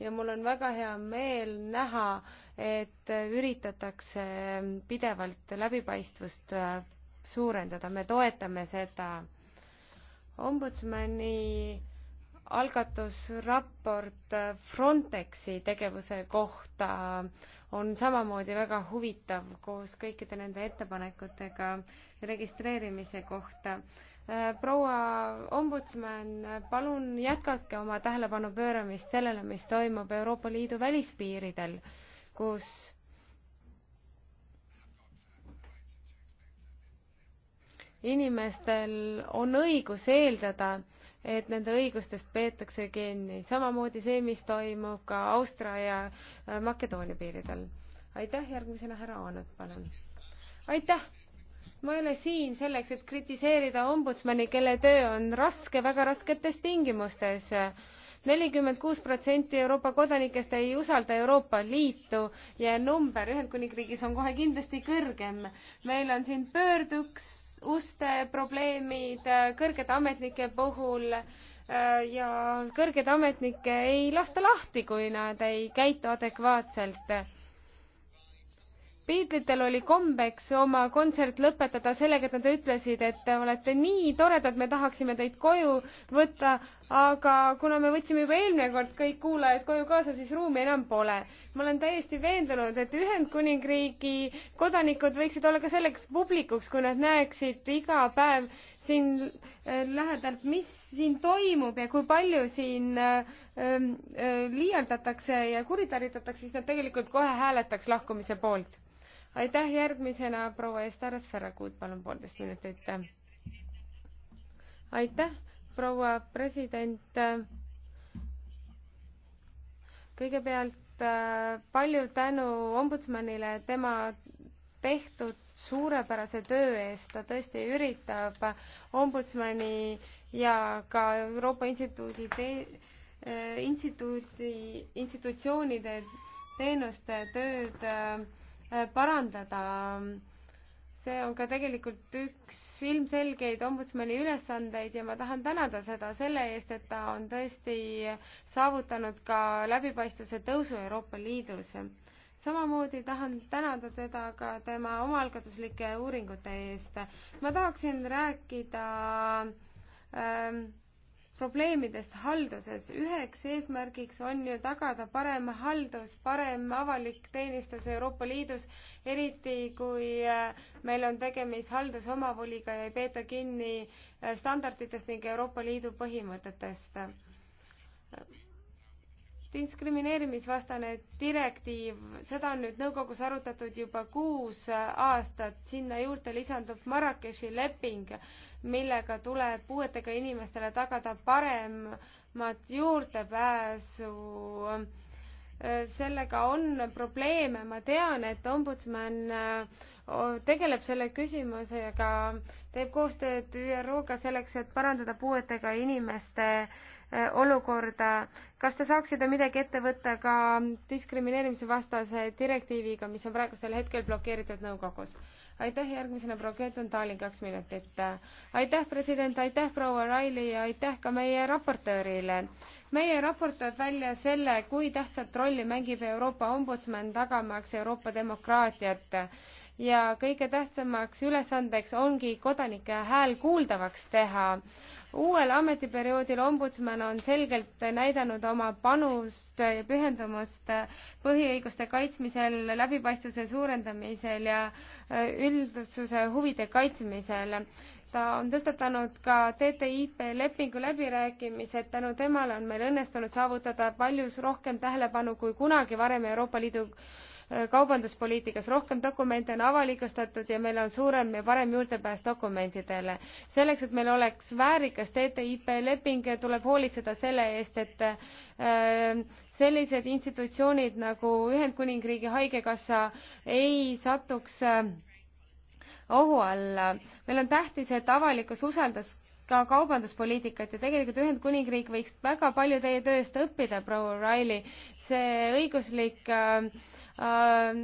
ja mul on väga hea meel näha, et üritatakse pidevalt läbipaistvust äh, suurendada, me toetame seda. ombudsmani algatusraport äh, Frontexi tegevuse kohta on samamoodi väga huvitav koos kõikide nende ettepanekutega registreerimise kohta. Äh, proua ombudsman, palun jätkake oma tähelepanu pööramist sellele, mis toimub Euroopa Liidu välispiiridel, kus inimestel on õigus eeldada, et nende õigustest peetakse kinni, samamoodi see, mis toimub ka Austria ja äh, Makedoonia piiridel. aitäh, järgmisena härra Aanet, palun. aitäh ma ei ole siin selleks, et kritiseerida ombudsmani, kelle töö on raske, väga rasketes tingimustes. nelikümmend kuus protsenti Euroopa kodanikest ei usalda Euroopa Liitu ja number Ühendkuningriigis on kohe kindlasti kõrgem. meil on siin pöörduks uste probleemid kõrgete ametnike puhul äh, ja kõrgeid ametnikke ei lasta lahti, kui nad ei käitu adekvaatselt Beatlitel oli kombeks oma kontsert lõpetada sellega, et nad ütlesid, et te olete nii toredad, me tahaksime teid koju võtta, aga kuna me võtsime juba eelmine kord kõik kuulajad koju kaasa, siis ruumi enam pole. ma olen täiesti veendunud, et Ühendkuningriigi kodanikud võiksid olla ka selleks publikuks, kui nad näeksid iga päev siin äh, lähedalt, mis siin toimub ja kui palju siin äh, äh, liialdatakse ja kuritarvitatakse, siis nad tegelikult kohe hääletaks lahkumise poolt aitäh, järgmisena proua Estaras Ferragut, palun poolteist minutit. aitäh, proua president. kõigepealt palju tänu ombudsmanile tema tehtud suurepärase töö eest, ta tõesti üritab ombudsmani ja ka Euroopa instituudi te-, instituudi, institutsioonide teenuste tööd äh, Äh, parandada. see on ka tegelikult üks ilmselgeid ombudsmani ülesandeid ja ma tahan tänada seda selle eest, et ta on tõesti saavutanud ka läbipaistvuse tõusu Euroopa Liidus samamoodi tahan tänada teda ka tema omaalgatuslike uuringute eest. ma tahaksin rääkida ähm, probleemidest halduses. üheks eesmärgiks on ju tagada parem haldus, parem avalik teenistus Euroopa Liidus, eriti kui äh, meil on tegemist haldusomavoliga ja ei peeta kinni äh, standarditest ning Euroopa Liidu põhimõtetest. diskrimineerimisvastane direktiiv, seda on nüüd nõukogus arutatud juba kuus aastat, sinna juurde lisandub Marrakechi leping millega tuleb puuetega inimestele tagada paremat juurdepääsu. sellega on probleeme, ma tean, et ombudsman äh, tegeleb selle küsimusega, teeb koostööd ÜRO-ga selleks, et parandada puuetega inimeste äh, Äh, olukorda. kas te saaksite midagi ette võtta ka diskrimineerimise vastase direktiiviga, mis on praegusel hetkel blokeeritud nõukogus? aitäh, järgmisena blokeeritud Taalin kaks minutit. aitäh, president, aitäh, proua Raili ja aitäh ka meie raportöörile. meie raport toob välja selle, kui tähtsat rolli mängib Euroopa ombudsman tagamaks Euroopa demokraatiat ja kõige tähtsamaks ülesandeks ongi kodanike hääl kuuldavaks teha uuel ametiperioodil ombudsman on selgelt näidanud oma panust ja pühendumust põhiõiguste kaitsmisel, läbipaistvuse suurendamisel ja äh, üldsuse huvide kaitsmisel ta on tõstatanud ka TTIP lepingu läbirääkimised, tänu temale on meil õnnestunud saavutada palju rohkem tähelepanu kui kunagi varem Euroopa Liidu kaubanduspoliitikas. rohkem dokumente on avalikustatud ja meil on suurem ja parem juurdepääs dokumentidele. selleks, et meil oleks väärikas TTIP leping, tuleb hoolitseda selle eest, et äh, sellised institutsioonid nagu Ühendkuningriigi Haigekassa ei satuks äh, ohu alla. meil on tähtis, et avalikkus usaldas ka kaubanduspoliitikat ja tegelikult Ühendkuningriik võiks väga palju teie tööst õppida, proua Riley. see õiguslik äh, Ähm,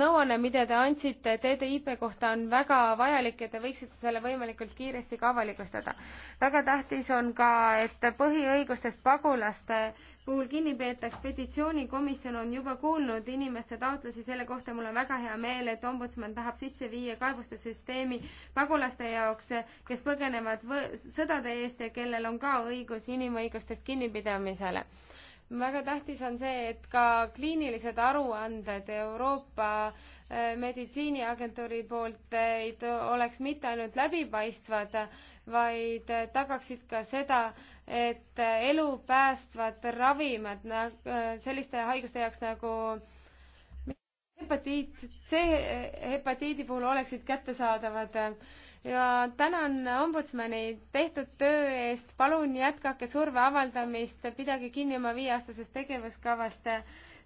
nõuanne, mida te andsite TTIP kohta, on väga vajalik ja te võiksite selle võimalikult kiiresti ka avalikustada. väga tähtis on ka, et põhiõigustest pagulaste puhul kinni peetaks. petitsioonikomisjon on juba kuulnud inimeste taotlusi selle kohta. mul on väga hea meel, et ombudsman tahab sisse viia kaebuste süsteemi pagulaste jaoks, kes põgenevad sõdade eest ja kellel on ka õigus inimõigustest kinnipidamisele väga tähtis on see, et ka kliinilised aruanded Euroopa äh, meditsiiniagentuuri poolt äh, ei oleks mitte ainult läbipaistvad, vaid äh, tagaksid ka seda, et elu päästvad ravimad selliste haiguste jaoks nagu hepatiit C, hepatiidi puhul oleksid kättesaadavad ja tänan ombudsmani tehtud töö eest, palun jätkake surve avaldamist, pidage kinni oma viieaastasest tegevuskavast,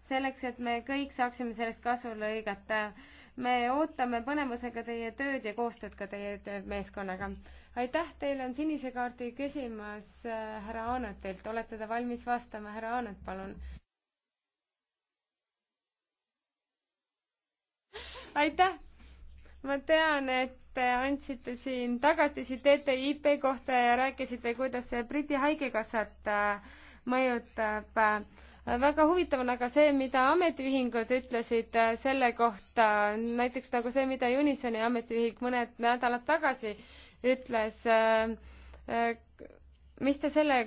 selleks et me kõik saaksime sellest kasu lõigata. me ootame põnevusega teie tööd ja koostööd ka teie meeskonnaga. aitäh, teil on sinise kaardi küsimus äh, härra Aanutilt, olete te valmis vastama, härra Aanut, palun. aitäh ma tean, et te andsite siin tagatisi TTIP kohta ja rääkisite, kuidas see Briti haigekassat äh, mõjutab. väga huvitav on aga see, mida ametiühingud ütlesid äh, selle kohta, näiteks nagu see, mida Unisoni ametiühing mõned nädalad tagasi ütles. Äh, mis te selle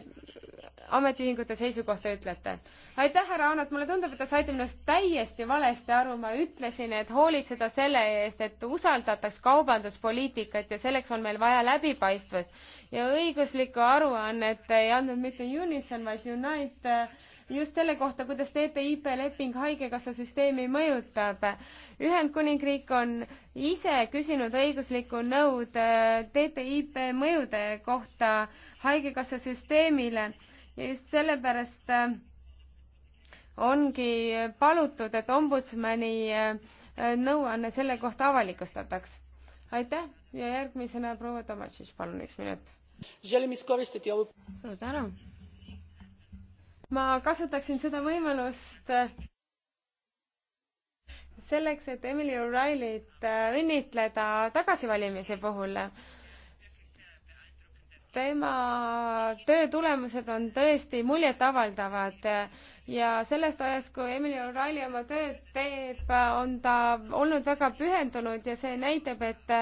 ametiühingute seisukohta ütlete. aitäh, härra Annat, mulle tundub, et te saite minust täiesti valesti aru, ma ütlesin, et hoolitseda selle eest, et usaldataks kaubanduspoliitikat ja selleks on meil vaja läbipaistvust. ja õiguslikku aruannet ei andnud mitte Unison, vaid Unite just selle kohta, kuidas TTIP leping Haigekassa süsteemi mõjutab. Ühendkuningriik on ise küsinud õiguslikku nõud äh, TTIP mõjude kohta Haigekassa süsteemile ja just sellepärast äh, ongi palutud, et ombudsmani äh, nõuanne selle kohta avalikustataks. aitäh ja järgmisena proua Tomatšiš, palun üks minut. suur tänu. ma kasutaksin seda võimalust äh, selleks, et Emily O'Reillyt õnnitleda tagasivalimise puhul tema töö tulemused on tõesti muljetavaldavad ja sellest ajast, kui Emily O'Reilly oma tööd teeb, on ta olnud väga pühendunud ja see näitab, et,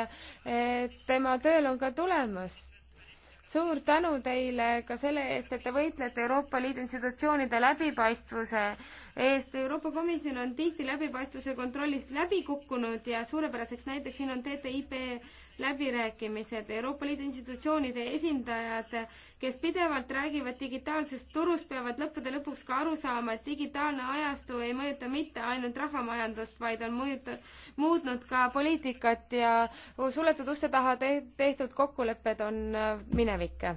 et tema tööl on ka tulemust suur tänu teile ka selle eest, et te võitlete Euroopa Liidu institutsioonide läbipaistvuse eest. Euroopa Komisjon on tihti läbipaistvuse kontrollist läbi kukkunud ja suurepäraseks näiteks siin on TTIP läbirääkimised. Euroopa Liidu institutsioonide esindajad, kes pidevalt räägivad digitaalsest turust, peavad lõppude lõpuks ka aru saama, et digitaalne ajastu ei mõjuta mitte ainult rahvamajandust, vaid on mõjuta-, muutnud ka poliitikat ja suletud uste taha te-, tehtud kokkulepped on äh, minevik.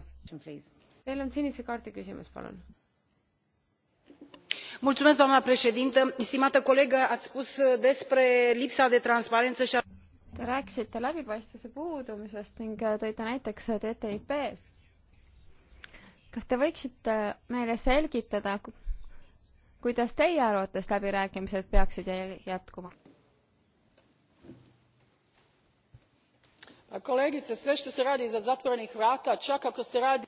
Teil on sinise kaardi küsimus, palun doamnă președintă stimată colegă ați spus despre lipsa de transparență și. te rääkisite läbipaistvuse puudumisest ning tõite näiteks ttip. kas te võiksite meile selgitada kuidas teie arvates läbirääkimised peaksid jätkuma? kolegice sve što se radi iza zatvorenih vrata čak ako se radi.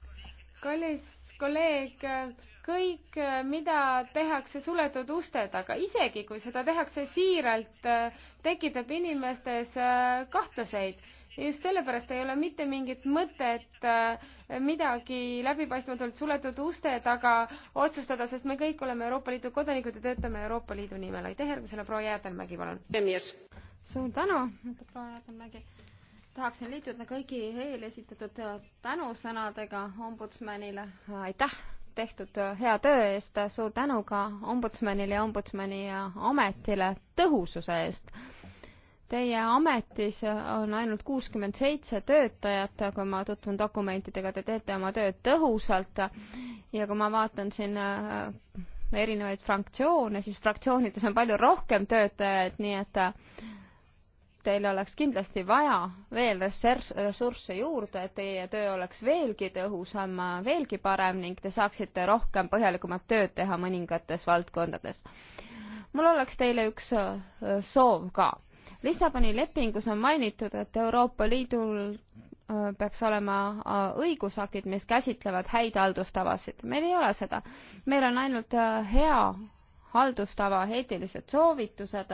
kallis kolleeg kõik, äh, mida tehakse suletud uste taga, isegi kui seda tehakse siiralt, äh, tekitab inimestes äh, kahtluseid. just sellepärast ei ole mitte mingit mõtet midagi läbipaistmatult suletud uste taga otsustada, sest me kõik oleme Euroopa Liidu kodanikud ja töötame Euroopa Liidu nimel. aitäh, järgmisena proua Jäätelmägi, palun. suur tänu, proua Jäätelmägi tahaksin liituda kõigi eelesitatud tänusõnadega ombudsmanile. aitäh tehtud äh, hea töö eest, suur tänu ka ombudsmanile ja ombudsmani äh, ametile tõhususe eest. Teie ametis äh, on ainult kuuskümmend seitse töötajat, aga ma tutvun dokumentidega, te teete oma tööd tõhusalt ja kui ma vaatan siin erinevaid fraktsioone, siis fraktsioonides on palju rohkem töötajaid, nii et teil oleks kindlasti vaja veel ressursse juurde, et teie töö oleks veelgi tõhusam, veelgi parem ning te saaksite rohkem põhjalikumat tööd teha mõningates valdkondades. mul oleks teile üks äh, soov ka. Lissaboni lepingus on mainitud, et Euroopa Liidul äh, peaks olema äh, õigusaktid, mis käsitlevad häid haldustavasid. meil ei ole seda. meil on ainult hea haldustava eetilised soovitused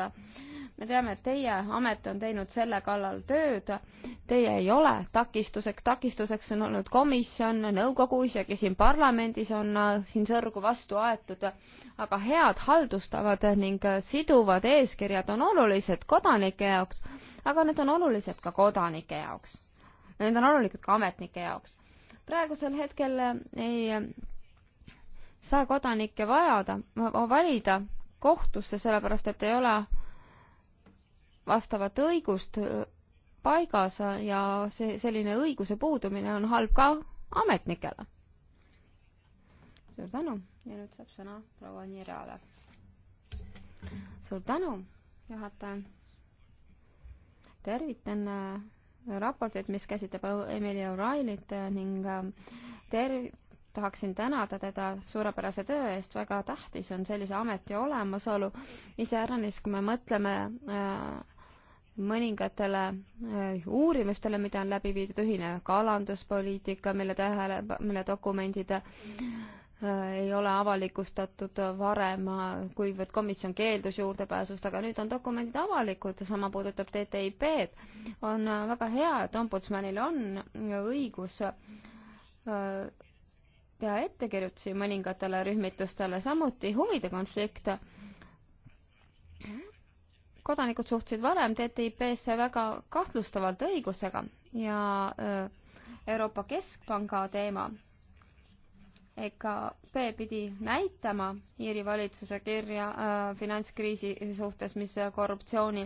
me teame, et teie amet on teinud selle kallal tööd, teie ei ole takistuseks, takistuseks on olnud komisjon, nõukogu, isegi siin parlamendis on äh, siin sõrgu vastu aetud, aga head haldustavad ning siduvad eeskirjad on olulised kodanike jaoks, aga need on olulised ka kodanike jaoks. Need on olulised ka ametnike jaoks. praegusel hetkel äh, ei äh, saa kodanikke vajada, valida kohtusse, sellepärast et ei ole vastavat õigust äh, paigas ja see, selline õiguse puudumine on halb ka ametnikele. suur tänu ja nüüd saab sõna proua Nirjale. suur tänu, juhataja. tervitan äh, raportit, mis käsitleb Emily O'Reillyt äh, ning ter-, tahaksin tänada teda suurepärase töö eest, väga tähtis on sellise ameti olemasolu, iseäranis kui me mõtleme äh, mõningatele äh, uurimustele, mida on läbi viidud, ühine kalanduspoliitika, mille tähele, mille dokumendid äh, ei ole avalikustatud varem, kuivõrd komisjon keeldus juurdepääsust, aga nüüd on dokumendid avalikud, sama puudutab TTIP-d. on väga hea, et ombudsmanil on õigus teha ettekirjutusi mõningatele rühmitustele, samuti huvide konflikte. kodanikud suhtusid varem TTIP-sse väga kahtlustavalt õigusega ja Euroopa Keskpanga teema EKP pidi näitama Iiri valitsuse kirja äh, finantskriisi suhtes, mis korruptsiooni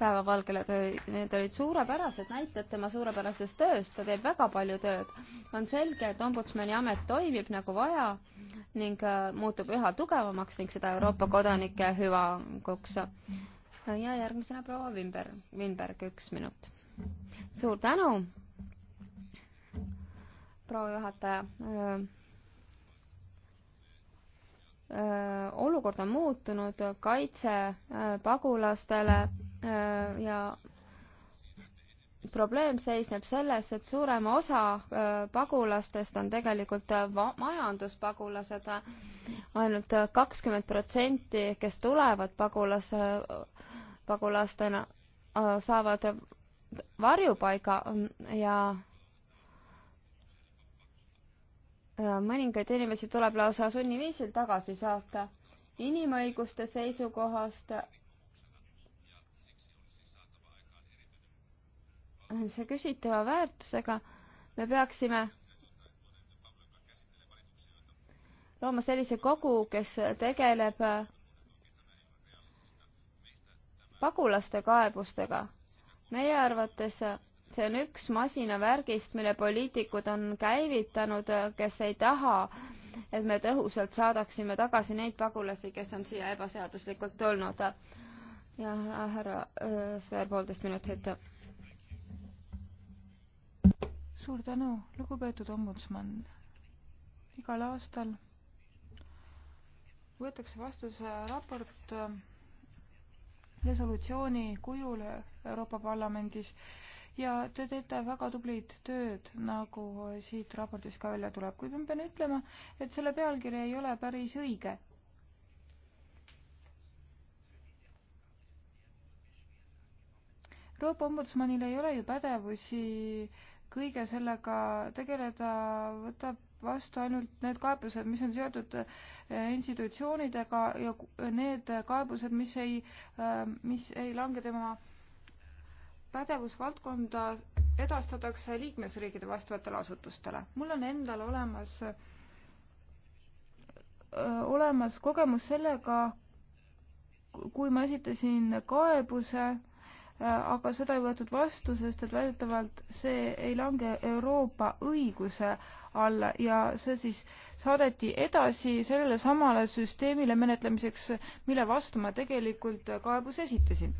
päevavalgele tõi. Need olid suurepärased näited tema suurepärasest tööst, ta teeb väga palju tööd. on selge, et ombudsmani amet toimib nagu vaja ning äh, muutub üha tugevamaks ning seda Euroopa kodanike hüvanguks. ja järgmisena proua Vimber, Vimberg, üks minut. suur tänu, proua juhataja äh, Äh, olukord on muutunud, kaitse äh, pagulastele äh, ja probleem seisneb selles, et suurema osa pagulastest on tegelikult majanduspagulased, ainult kakskümmend protsenti, kes tulevad pagulas, pagulastena, saavad varjupaiga ja Äh, mõningaid inimesi tuleb lausa sunniviisil tagasi saata. inimõiguste seisukohast on äh, see küsitava väärtusega. me peaksime looma sellise kogu, kes tegeleb äh, pagulaste kaebustega. meie arvates see on üks masinavärgist, mille poliitikud on käivitanud, kes ei taha, et me tõhusalt saadaksime tagasi neid pagulasi, kes on siia ebaseaduslikult tulnud. ja härra äh, Sveer, poolteist minutit. suur tänu, lugupeetud ombudsman. igal aastal võetakse vastu see raport äh, resolutsiooni kujul Euroopa Parlamendis äh, ja te teete väga tublit tööd, nagu siit raportist ka välja tuleb, kuid ma pean ütlema, et selle pealkiri ei ole päris õige. Euroopa ombudsmanil ei ole ju pädevusi kõige sellega tegeleda, võtab vastu ainult need kaebused, mis on seotud eh, institutsioonidega ja need kaebused, mis ei, eh, mis ei lange tema pädevusvaldkonda edastatakse liikmesriikide vastavatele asutustele. mul on endal olemas, olemas kogemus sellega, kui ma esitasin kaebuse, aga seda ei võetud vastu, sest et väidetavalt see ei lange Euroopa õiguse alla ja see siis saadeti edasi sellele samale süsteemile menetlemiseks, mille vastu ma tegelikult kaebuse esitasin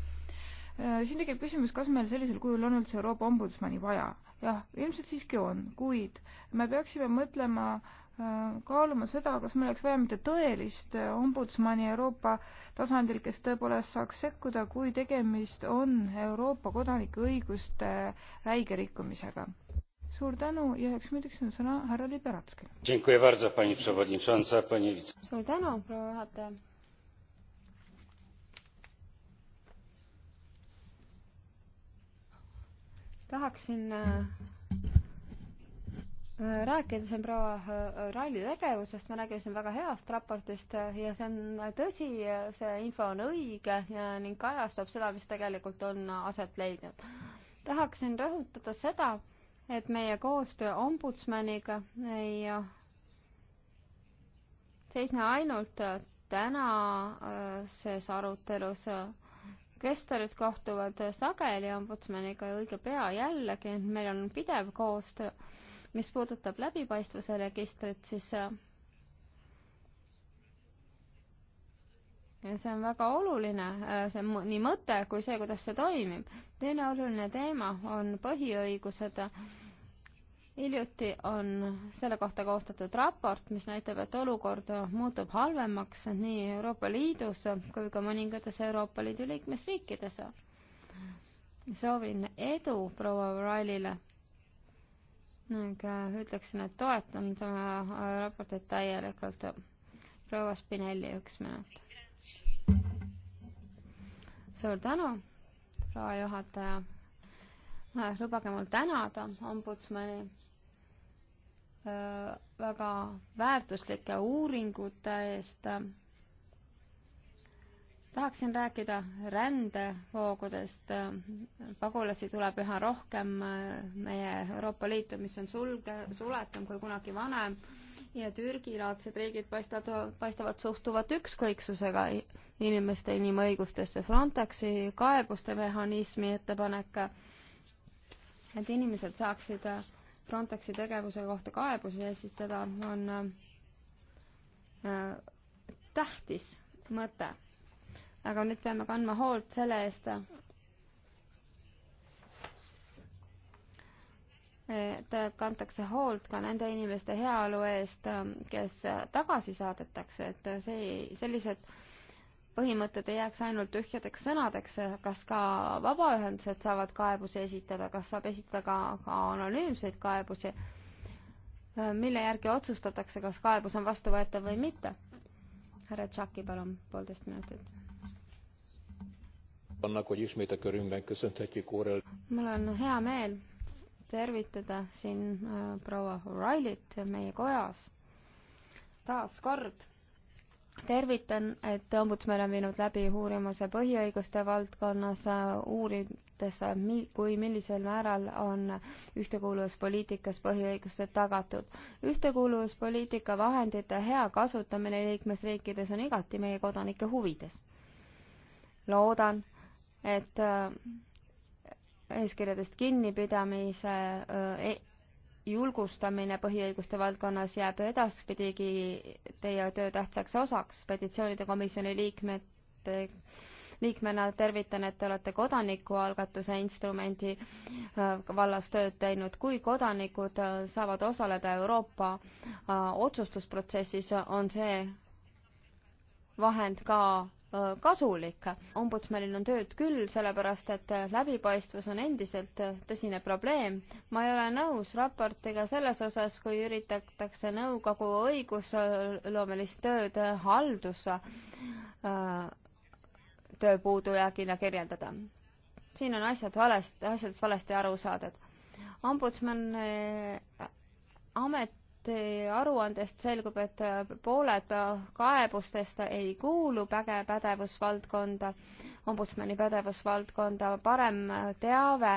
Äh, siin tekib küsimus, kas meil sellisel kujul on üldse Euroopa ombudsmani vaja. jah, ilmselt siiski on, kuid me peaksime mõtlema, äh, kaaluma seda, kas meil oleks vaja mitte tõelist äh, ombudsmani Euroopa tasandil, kes tõepoolest saaks sekkuda, kui tegemist on Euroopa kodanike õiguste räige rikkumisega. suur tänu ja üheks minutiks on sõna härra Liberatskile. suur tänu, proua juhataja tahaksin äh, äh, rääkida siin proua äh, Raili tegevusest, me rääkisime väga heast raportist ja see on tõsi, see info on õige ja ning kajastab seda, mis tegelikult on aset leidnud. tahaksin rõhutada seda, et meie koostöö ombudsmaniga ei seisne ainult tänases arutelus keskerid kohtuvad sageli ombudsmaniga ja õige pea jällegi, meil on pidev koostöö. mis puudutab läbipaistvuse registrit, siis äh, ja see on väga oluline, äh, see nii mõte kui see, kuidas see toimib. teine oluline teema on põhiõigused hiljuti on selle kohta koostatud raport, mis näitab, et olukord muutub halvemaks nii Euroopa Liidus kui ka mõningates Euroopa Liidu liikmesriikides. soovin edu proua Railile ning äh, ütleksin, et toetan tema äh, raportit täielikult. proua Spinelli, üks minut. suur tänu, proua juhataja äh, lubage mul tänada ombudsmani väga väärtuslike uuringute eest. tahaksin rääkida rändevoogudest. pagulasi tuleb üha rohkem meie Euroopa Liitu, mis on sulge, suletum kui kunagi varem ja Türgi-laadsed riigid paistavad, paistavad suhtuvat ükskõiksusega inimeste inimõigustesse. Frontexi kaebuste mehhanismi ettepanek, et inimesed saaksid äh, Frontexi tegevuse kohta kaebusi esitada, on äh, tähtis mõte. aga nüüd peame kandma hoolt selle eest, et kantakse hoolt ka nende inimeste heaolu eest, kes tagasi saadetakse, et see, sellised põhimõtted ei jääks ainult tühjadeks sõnadeks, kas ka vabaühendused saavad kaebusi esitada, kas saab esitada ka, ka anonüümseid kaebusi, mille järgi otsustatakse, kas kaebus on vastuvõetav või mitte? härra Tšaki, palun, poolteist minutit. mul on hea meel tervitada siin äh, proua O'Reillyt meie kojas taas kord tervitan, et ombudsman on viinud läbi uurimuse põhiõiguste valdkonnas, uurides, kui millisel määral on ühtekuuluvuspoliitikas põhiõigused tagatud. ühtekuuluvuspoliitika vahendite hea kasutamine liikmesriikides on igati meie kodanike huvides. loodan, et äh, eeskirjadest kinnipidamise äh, e-, julgustamine põhiõiguste valdkonnas jääb edaspidigi teie töö tähtsaks osaks. petitsioonide komisjoni liikmete, liikmena tervitan, et te olete kodanikualgatuse instrumendi äh, vallas tööd teinud. kui kodanikud äh, saavad osaleda Euroopa äh, otsustusprotsessis, on see vahend ka kasulik. ombudsmanil on tööd küll, sellepärast et äh, läbipaistvus on endiselt äh, tõsine probleem. ma ei ole nõus raportiga selles osas, kui üritatakse nõukogu õigusloomelist tööd äh, halduse töö puudujäägina kirjeldada. siin on asjad valesti, asjadest valesti aru saadud. ombudsman amet Teie eh, aruandest selgub, et eh, pooled eh, kaebustest ei kuulu päge-, pädevusvaldkonda, ombudsmani pädevusvaldkonda, parem teave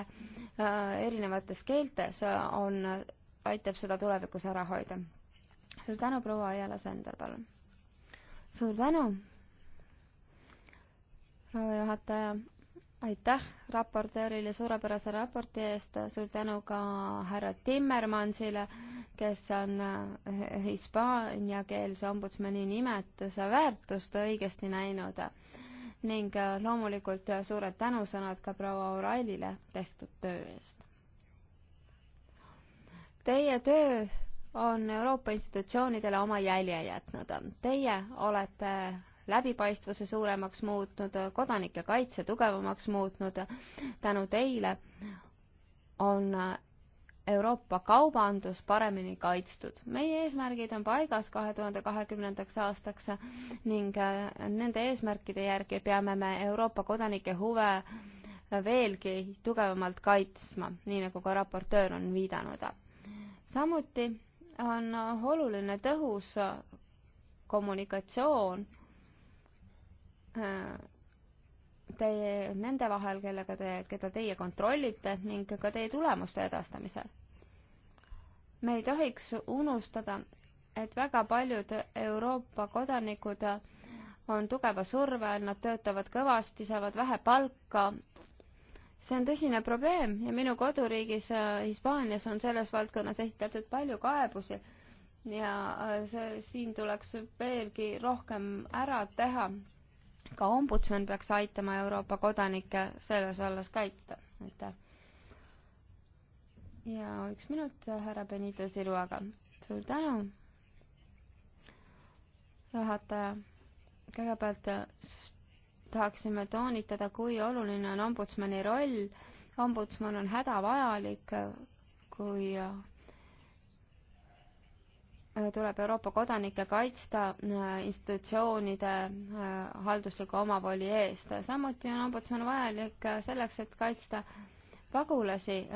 erinevates keeltes on, aitab seda tulevikus ära hoida. suur tänu, proua Ajala Sender, palun. suur tänu, proua juhataja aitäh raportöörile suurepärase raporti eest, suur tänu ka härra Timmermansile, kes on eh, hispaaniakeelse ombudsmani nimetuse väärtust õigesti näinud ning eh, loomulikult suured tänusõnad ka proua Orailile tehtud töö eest. Teie töö on Euroopa institutsioonidele oma jälje jätnud. Teie olete läbipaistvuse suuremaks muutnud, kodanike kaitse tugevamaks muutnud. tänu teile on Euroopa kaubandus paremini kaitstud. meie eesmärgid on paigas kahe tuhande kahekümnendaks aastaks ning äh, nende eesmärkide järgi peame me Euroopa kodanike huve veelgi tugevamalt kaitsma, nii nagu ka raportöör on viidanud. samuti on oluline tõhus kommunikatsioon Äh, teie, nende vahel, kellega te, keda teie kontrollite ning ka teie tulemuste edastamisel. me ei tohiks unustada, et väga paljud Euroopa kodanikud on tugeva surve all, nad töötavad kõvasti, saavad vähe palka. see on tõsine probleem ja minu koduriigis äh, Hispaanias on selles valdkonnas esitatud palju kaebusi ja äh, see, siin tuleks veelgi rohkem ära teha ka ombudsman peaks aitama Euroopa kodanikke selles vallas kaitsta. aitäh! ja üks minut äh, härra Benito Siluaga. suur tänu, juhataja. kõigepealt äh, tahaksime toonitada, kui oluline on ombudsmani roll. ombudsman on hädavajalik, äh, kui tuleb Euroopa kodanikke kaitsta äh, institutsioonide äh, haldusliku omavoli eest. samuti on ombudsman vajalik äh, selleks, et kaitsta pagulasi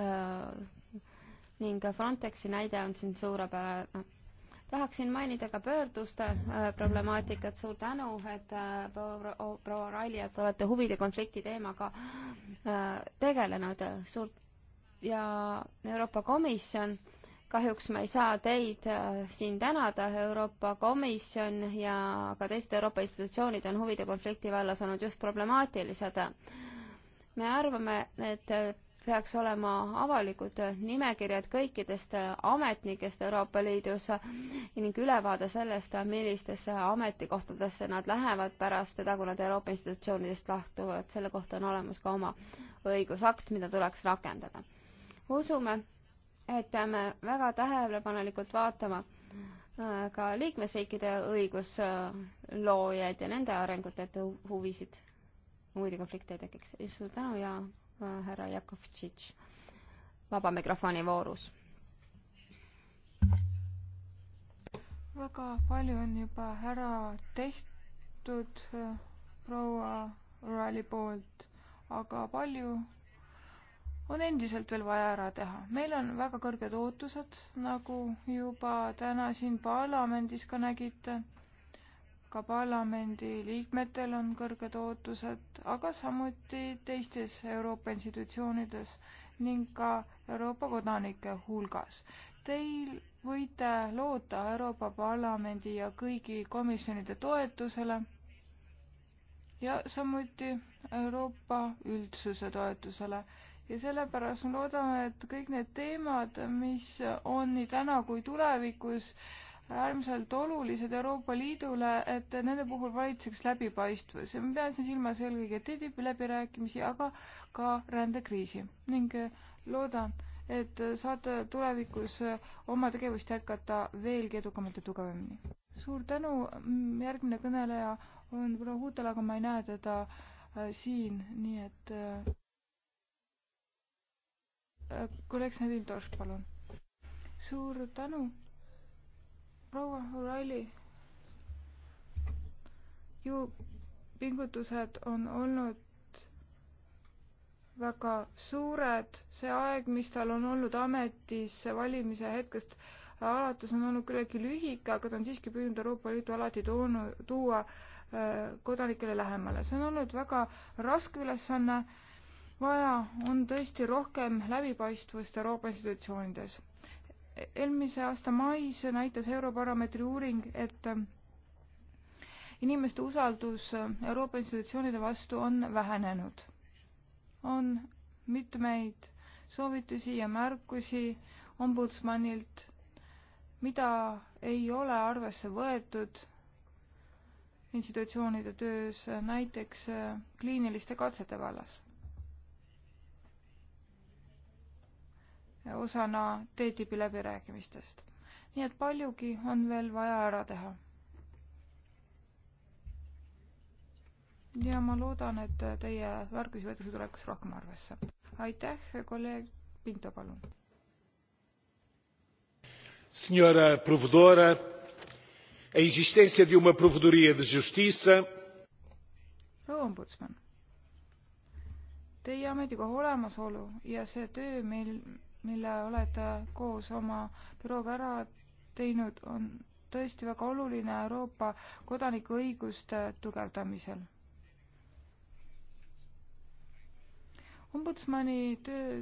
ning Frontexi näide on siin suurepärane tahaksin mainida ka pöörduste problemaatikat, suur tänu, et proua Raili, et olete huvide konflikti teemaga tegelenud, suur ja Euroopa Komisjon kahjuks ma ei saa teid äh, siin tänada, Euroopa Komisjon ja ka teised Euroopa institutsioonid on huvide konflikti vallas olnud just problemaatilised. me arvame, et äh, peaks olema avalikud nimekirjad kõikidest äh, ametnikest Euroopa Liidus ning ülevaade sellest, millistesse ametikohtadesse nad lähevad pärast seda, kui nad Euroopa institutsioonidest lahtuvad, selle kohta on olemas ka oma õigusakt, mida tuleks rakendada. usume, et peame väga tähelepanelikult vaatama äh, ka liikmesriikide õigusloojaid ja nende arengut, et huvisid, huvide konflikte ei tekiks. suur tänu ja äh, härra Jakovtšitš, vaba mikrofoni voorus. väga palju on juba ära tehtud äh, proua Rally poolt, aga palju on endiselt veel vaja ära teha. meil on väga kõrged ootused, nagu juba täna siin parlamendis ka nägite. ka parlamendi liikmetel on kõrged ootused, aga samuti teistes Euroopa institutsioonides ning ka Euroopa kodanike hulgas. Teil võite loota Euroopa Parlamendi ja kõigi komisjonide toetusele ja samuti Euroopa üldsuse toetusele ja sellepärast me loodame, et kõik need teemad, mis on nii täna kui tulevikus äärmiselt olulised Euroopa Liidule, et nende puhul valitseks läbipaistvus ja ma pean siin silmas eelkõige TTIP-i läbirääkimisi, aga ka rändekriisi ning loodan, et saate tulevikus oma tegevust jätkata veelgi edukamalt ja tugevamini. suur tänu, järgmine kõneleja on proua Huutel, aga ma ei näe teda äh, siin, nii et äh, kolleeg Nadine Dorš, palun. suur tänu, proua O'Reilly. ju pingutused on olnud väga suured, see aeg, mis tal on olnud ametis valimise hetkest alates, on olnud küllaltki lühike, aga ta on siiski püüdnud Euroopa Liitu alati toonud, tuua äh, kodanikele lähemale. see on olnud väga raske ülesanne vaja on tõesti rohkem läbipaistvust Euroopa institutsioonides. eelmise aasta mais näitas Eurobaromeetri uuring, et inimeste usaldus Euroopa institutsioonide vastu on vähenenud. on mitmeid soovitusi ja märkusi ombudsmanilt, mida ei ole arvesse võetud institutsioonide töös, näiteks kliiniliste katsete vallas. osana TTIP-i läbirääkimistest. nii et paljugi on veel vaja ära teha. ja ma loodan, et teie märkusi võetakse tulevikus rohkem arvesse. aitäh, kolleeg Pinto, palun. Senhora provedora, a existência de uma provedoria de justiça. proua ombudsman, teie ametikoha olemasolu ja see töö, mil mille olete äh, koos oma bürooga ära teinud, on tõesti väga oluline Euroopa kodanikuõiguste tugevdamisel. ombudsmani töö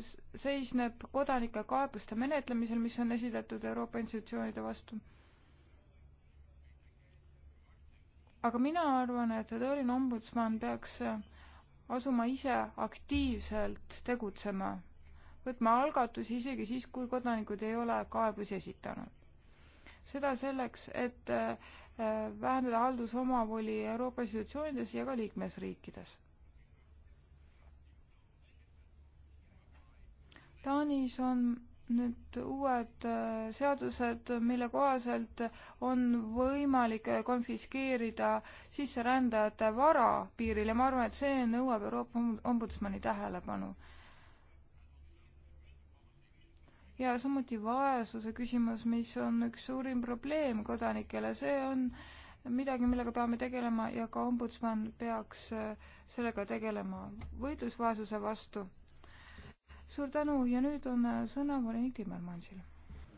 seisneb kodanike kaebuste menetlemisel, mis on esitatud Euroopa institutsioonide vastu. aga mina arvan, et tõeline ombudsman peaks äh, asuma ise aktiivselt tegutsema võtma algatusi isegi siis, kui kodanikud ei ole kaebusi esitanud. seda selleks, et äh, vähendada haldusomavoli Euroopa institutsioonides ja ka liikmesriikides. Taanis on nüüd uued äh, seadused, mille kohaselt on võimalik konfiskeerida sisserändajate vara piiril ja ma arvan, et see nõuab Euroopa ombudsmani tähelepanu ja samuti vaesuse küsimus, mis on üks suurim probleem kodanikele, see on midagi, millega peame tegelema ja ka ombudsman peaks äh, sellega tegelema, võitlus vaesuse vastu. suur tänu ja nüüd on äh, sõna volinik Timmermansil.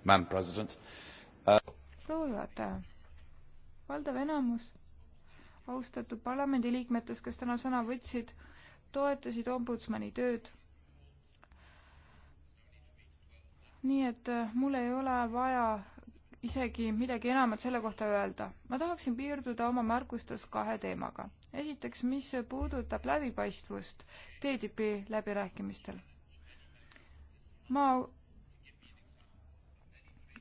Uh, proua juhataja, valdav enamus austatud parlamendiliikmetest, kes täna sõna võtsid, toetasid ombudsmani tööd nii et äh, mul ei ole vaja isegi midagi enamat selle kohta öelda. ma tahaksin piirduda oma märkustes kahe teemaga. esiteks, mis puudutab läbipaistvust TTIP-i läbirääkimistel. ma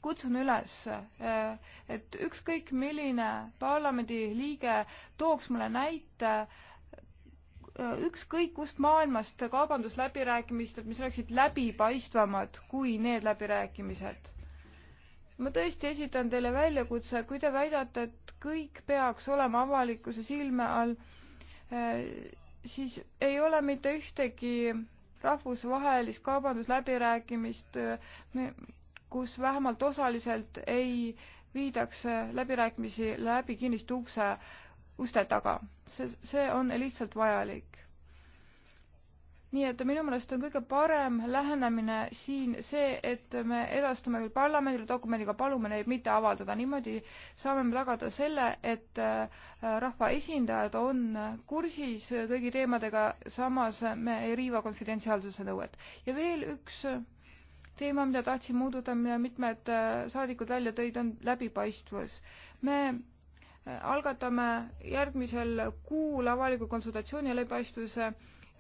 kutsun üles, äh, et ükskõik milline parlamendiliige tooks mulle näite äh, Äh, ükskõik kust maailmast kaubandusläbirääkimised, mis oleksid läbipaistvamad kui need läbirääkimised. ma tõesti esitan teile väljakutse, kui te väidate, et kõik peaks olema avalikkuse silme all, äh, siis ei ole mitte ühtegi rahvusvahelist kaubandusläbirääkimist, äh, kus vähemalt osaliselt ei viidaks läbirääkimisi läbi kinniste ukse uste taga. see, see on lihtsalt vajalik. nii et minu meelest on kõige parem lähenemine siin see, et me edastame küll parlamendile dokumendiga, palume neid mitte avaldada, niimoodi saame me tagada selle, et äh, rahvaesindajad on kursis kõigi teemadega, samas me ei riiva konfidentsiaalsuse nõuet. ja veel üks teema, mida tahtsin muududa, mida mitmed äh, saadikud välja tõid, on läbipaistvus. me algatame järgmisel kuul avaliku konsultatsiooni läbipaistvuse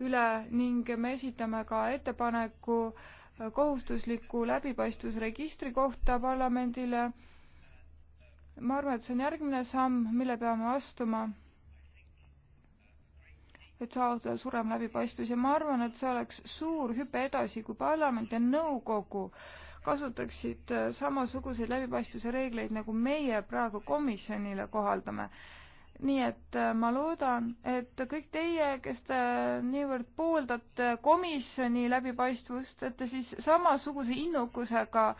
üle ning me esitame ka ettepaneku kohustusliku läbipaistvusregistri kohta parlamendile. ma arvan, et see on järgmine samm, mille peame astuma, et saavutada suurem läbipaistvus ja ma arvan, et see oleks suur hüpe edasi, kui parlament ja nõukogu äh, kasutaksid äh, samasuguseid läbipaistvuse reegleid, nagu meie praegu komisjonile kohaldame. nii et äh, ma loodan, et kõik teie, kes te niivõrd pooldate komisjoni läbipaistvust, et te siis samasuguse innukusega äh,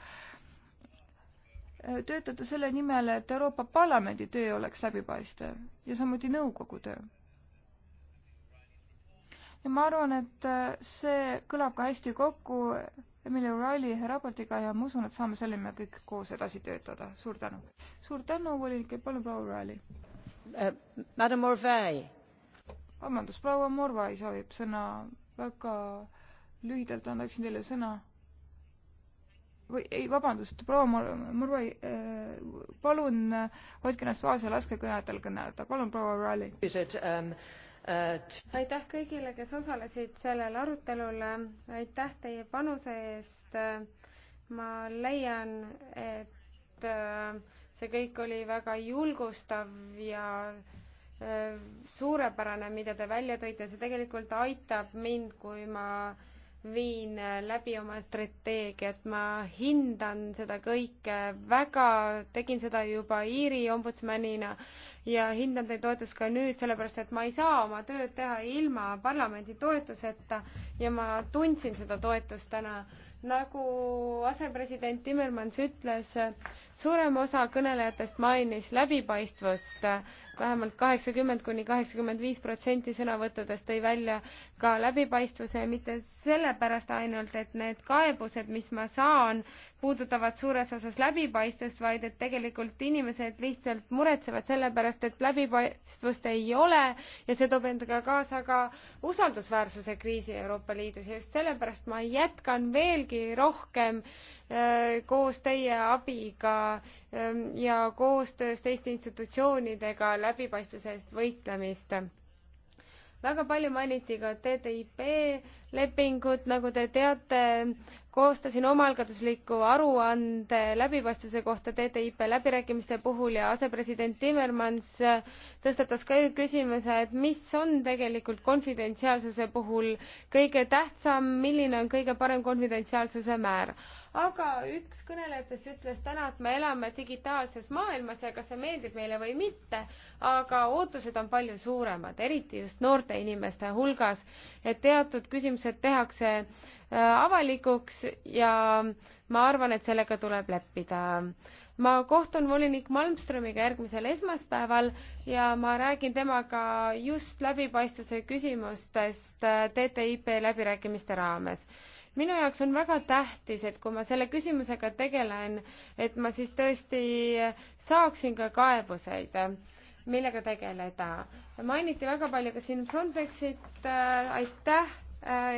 töötate selle nimel, et Euroopa Parlamendi töö oleks läbipaistev ja samuti nõukogu töö. ja ma arvan, et see kõlab ka hästi kokku Emily O'Reilly raportiga ja ma usun, et saame selle nimel kõik koos edasi töötada. suur tänu. suur tänu, volinik, palun proua O'Reilly uh,. Äh, Madam Morvai. vabandust, proua Morvai soovib sõna väga lühidalt annaksin teile sõna. või ei, vabandust, proua Mor-, Murvai äh,, palun äh, hoidke ennast vaese, laske kõnetel kõneleda, palun proua O'Reilly. Äh, aitäh kõigile, kes osalesid sellel arutelul, aitäh teie panuse eest. ma leian, et äh, see kõik oli väga julgustav ja äh, suurepärane, mida te välja tõite, see tegelikult aitab mind, kui ma viin läbi oma strateegiat, ma hindan seda kõike väga, tegin seda juba Iiri ombudsmanina ja hindan teie toetust ka nüüd, sellepärast et ma ei saa oma tööd teha ilma parlamendi toetuseta ja ma tundsin seda toetust täna. nagu asepresident Timmermans ütles, suurem osa kõnelejatest mainis läbipaistvust vähemalt, vähemalt kaheksakümmend kuni kaheksakümmend viis protsenti sõnavõttudest tõi välja ka läbipaistvuse, mitte sellepärast ainult, et need kaebused, mis ma saan puudutavad suures osas läbipaistvust, vaid et tegelikult inimesed lihtsalt muretsevad selle pärast, et läbipaistvust ei ole ja see toob endaga kaasa ka usaldusväärsuse kriisi Euroopa Liidus ja just sellepärast ma jätkan veelgi rohkem äh, koos teie abiga äh, ja koostöös teiste institutsioonidega läbipaistvuse eest võitlemist väga palju mainiti ka TTIP lepingut, nagu te teate, koostasin omaalgatusliku aruande läbipaistvuse kohta TTIP läbirääkimiste puhul ja asepresident Timmermans tõstatas ka ju küsimuse, et mis on tegelikult konfidentsiaalsuse puhul kõige tähtsam, milline on kõige parem konfidentsiaalsuse määr aga üks kõnelejatest ütles täna, et me elame digitaalses maailmas ja kas see meeldib meile või mitte, aga ootused on palju suuremad, eriti just noorte inimeste hulgas, et teatud küsimused tehakse äh, avalikuks ja ma arvan, et sellega tuleb leppida ma kohtun volinik Malmströmiga järgmisel esmaspäeval ja ma räägin temaga just läbipaistvuse küsimustest äh, TTIP läbirääkimiste raames minu jaoks on väga tähtis, et kui ma selle küsimusega tegelen, et ma siis tõesti saaksin ka kaebuseid, millega tegeleda. mainiti väga palju ka siin Frontexit äh,, aitäh,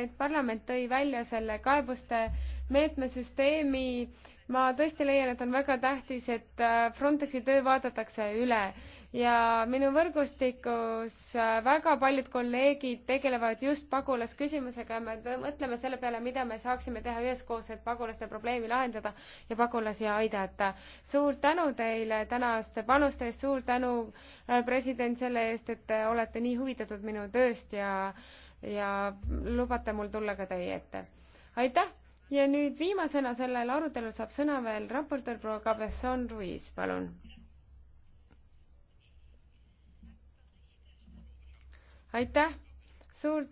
et parlament tõi välja selle kaebuste meetmesüsteemi. ma tõesti leian, et on väga tähtis, et Frontexi töö vaadatakse üle ja minu võrgustikus äh, väga paljud kolleegid tegelevad just pagulasküsimusega ja me mõtleme selle peale, mida me saaksime teha üheskoos, et pagulaste probleemi lahendada ja pagulasi aidata. suur tänu teile tänaste panuste eest, suur tänu äh, president selle eest, et te olete nii huvitatud minu tööst ja, ja lubate mul tulla ka teie ette. aitäh! ja nüüd viimasena sellel arutelul saab sõna veel raportöör proua Cabezon Ruiz, palun aitäh, suur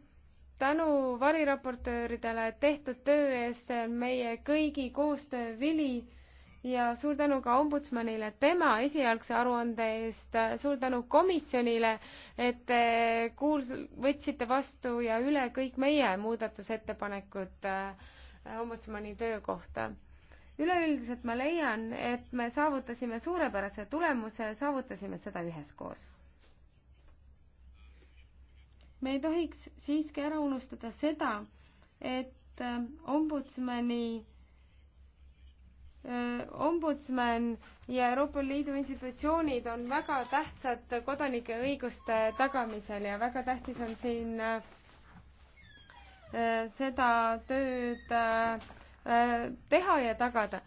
tänu variraportööridele tehtud töö eest, see on meie kõigi koostöö vili ja suur tänu ka ombudsmanile tema esialgse aruande eest, suur tänu komisjonile, et te kuul-, võtsite vastu ja üle kõik meie muudatusettepanekud äh, ombudsmani töö kohta. üleüldiselt ma leian, et me saavutasime suurepärase tulemuse, saavutasime seda üheskoos me ei tohiks siiski ära unustada seda, et äh, ombudsmani äh, ombudsman ja Euroopa Liidu institutsioonid on väga tähtsad kodanike õiguste tagamisel ja väga tähtis on siin äh, seda tööd teha ja tagada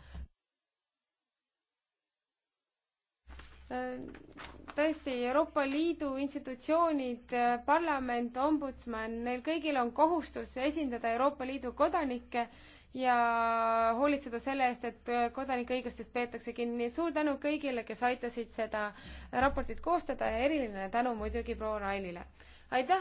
tõesti, Euroopa Liidu institutsioonid, parlament, ombudsman, neil kõigil on kohustus esindada Euroopa Liidu kodanikke ja hoolitseda selle eest, et kodanike õigustest peetakse kinni. suur tänu kõigile, kes aitasid seda raportit koostada ja eriline tänu muidugi proua Railile. aitäh!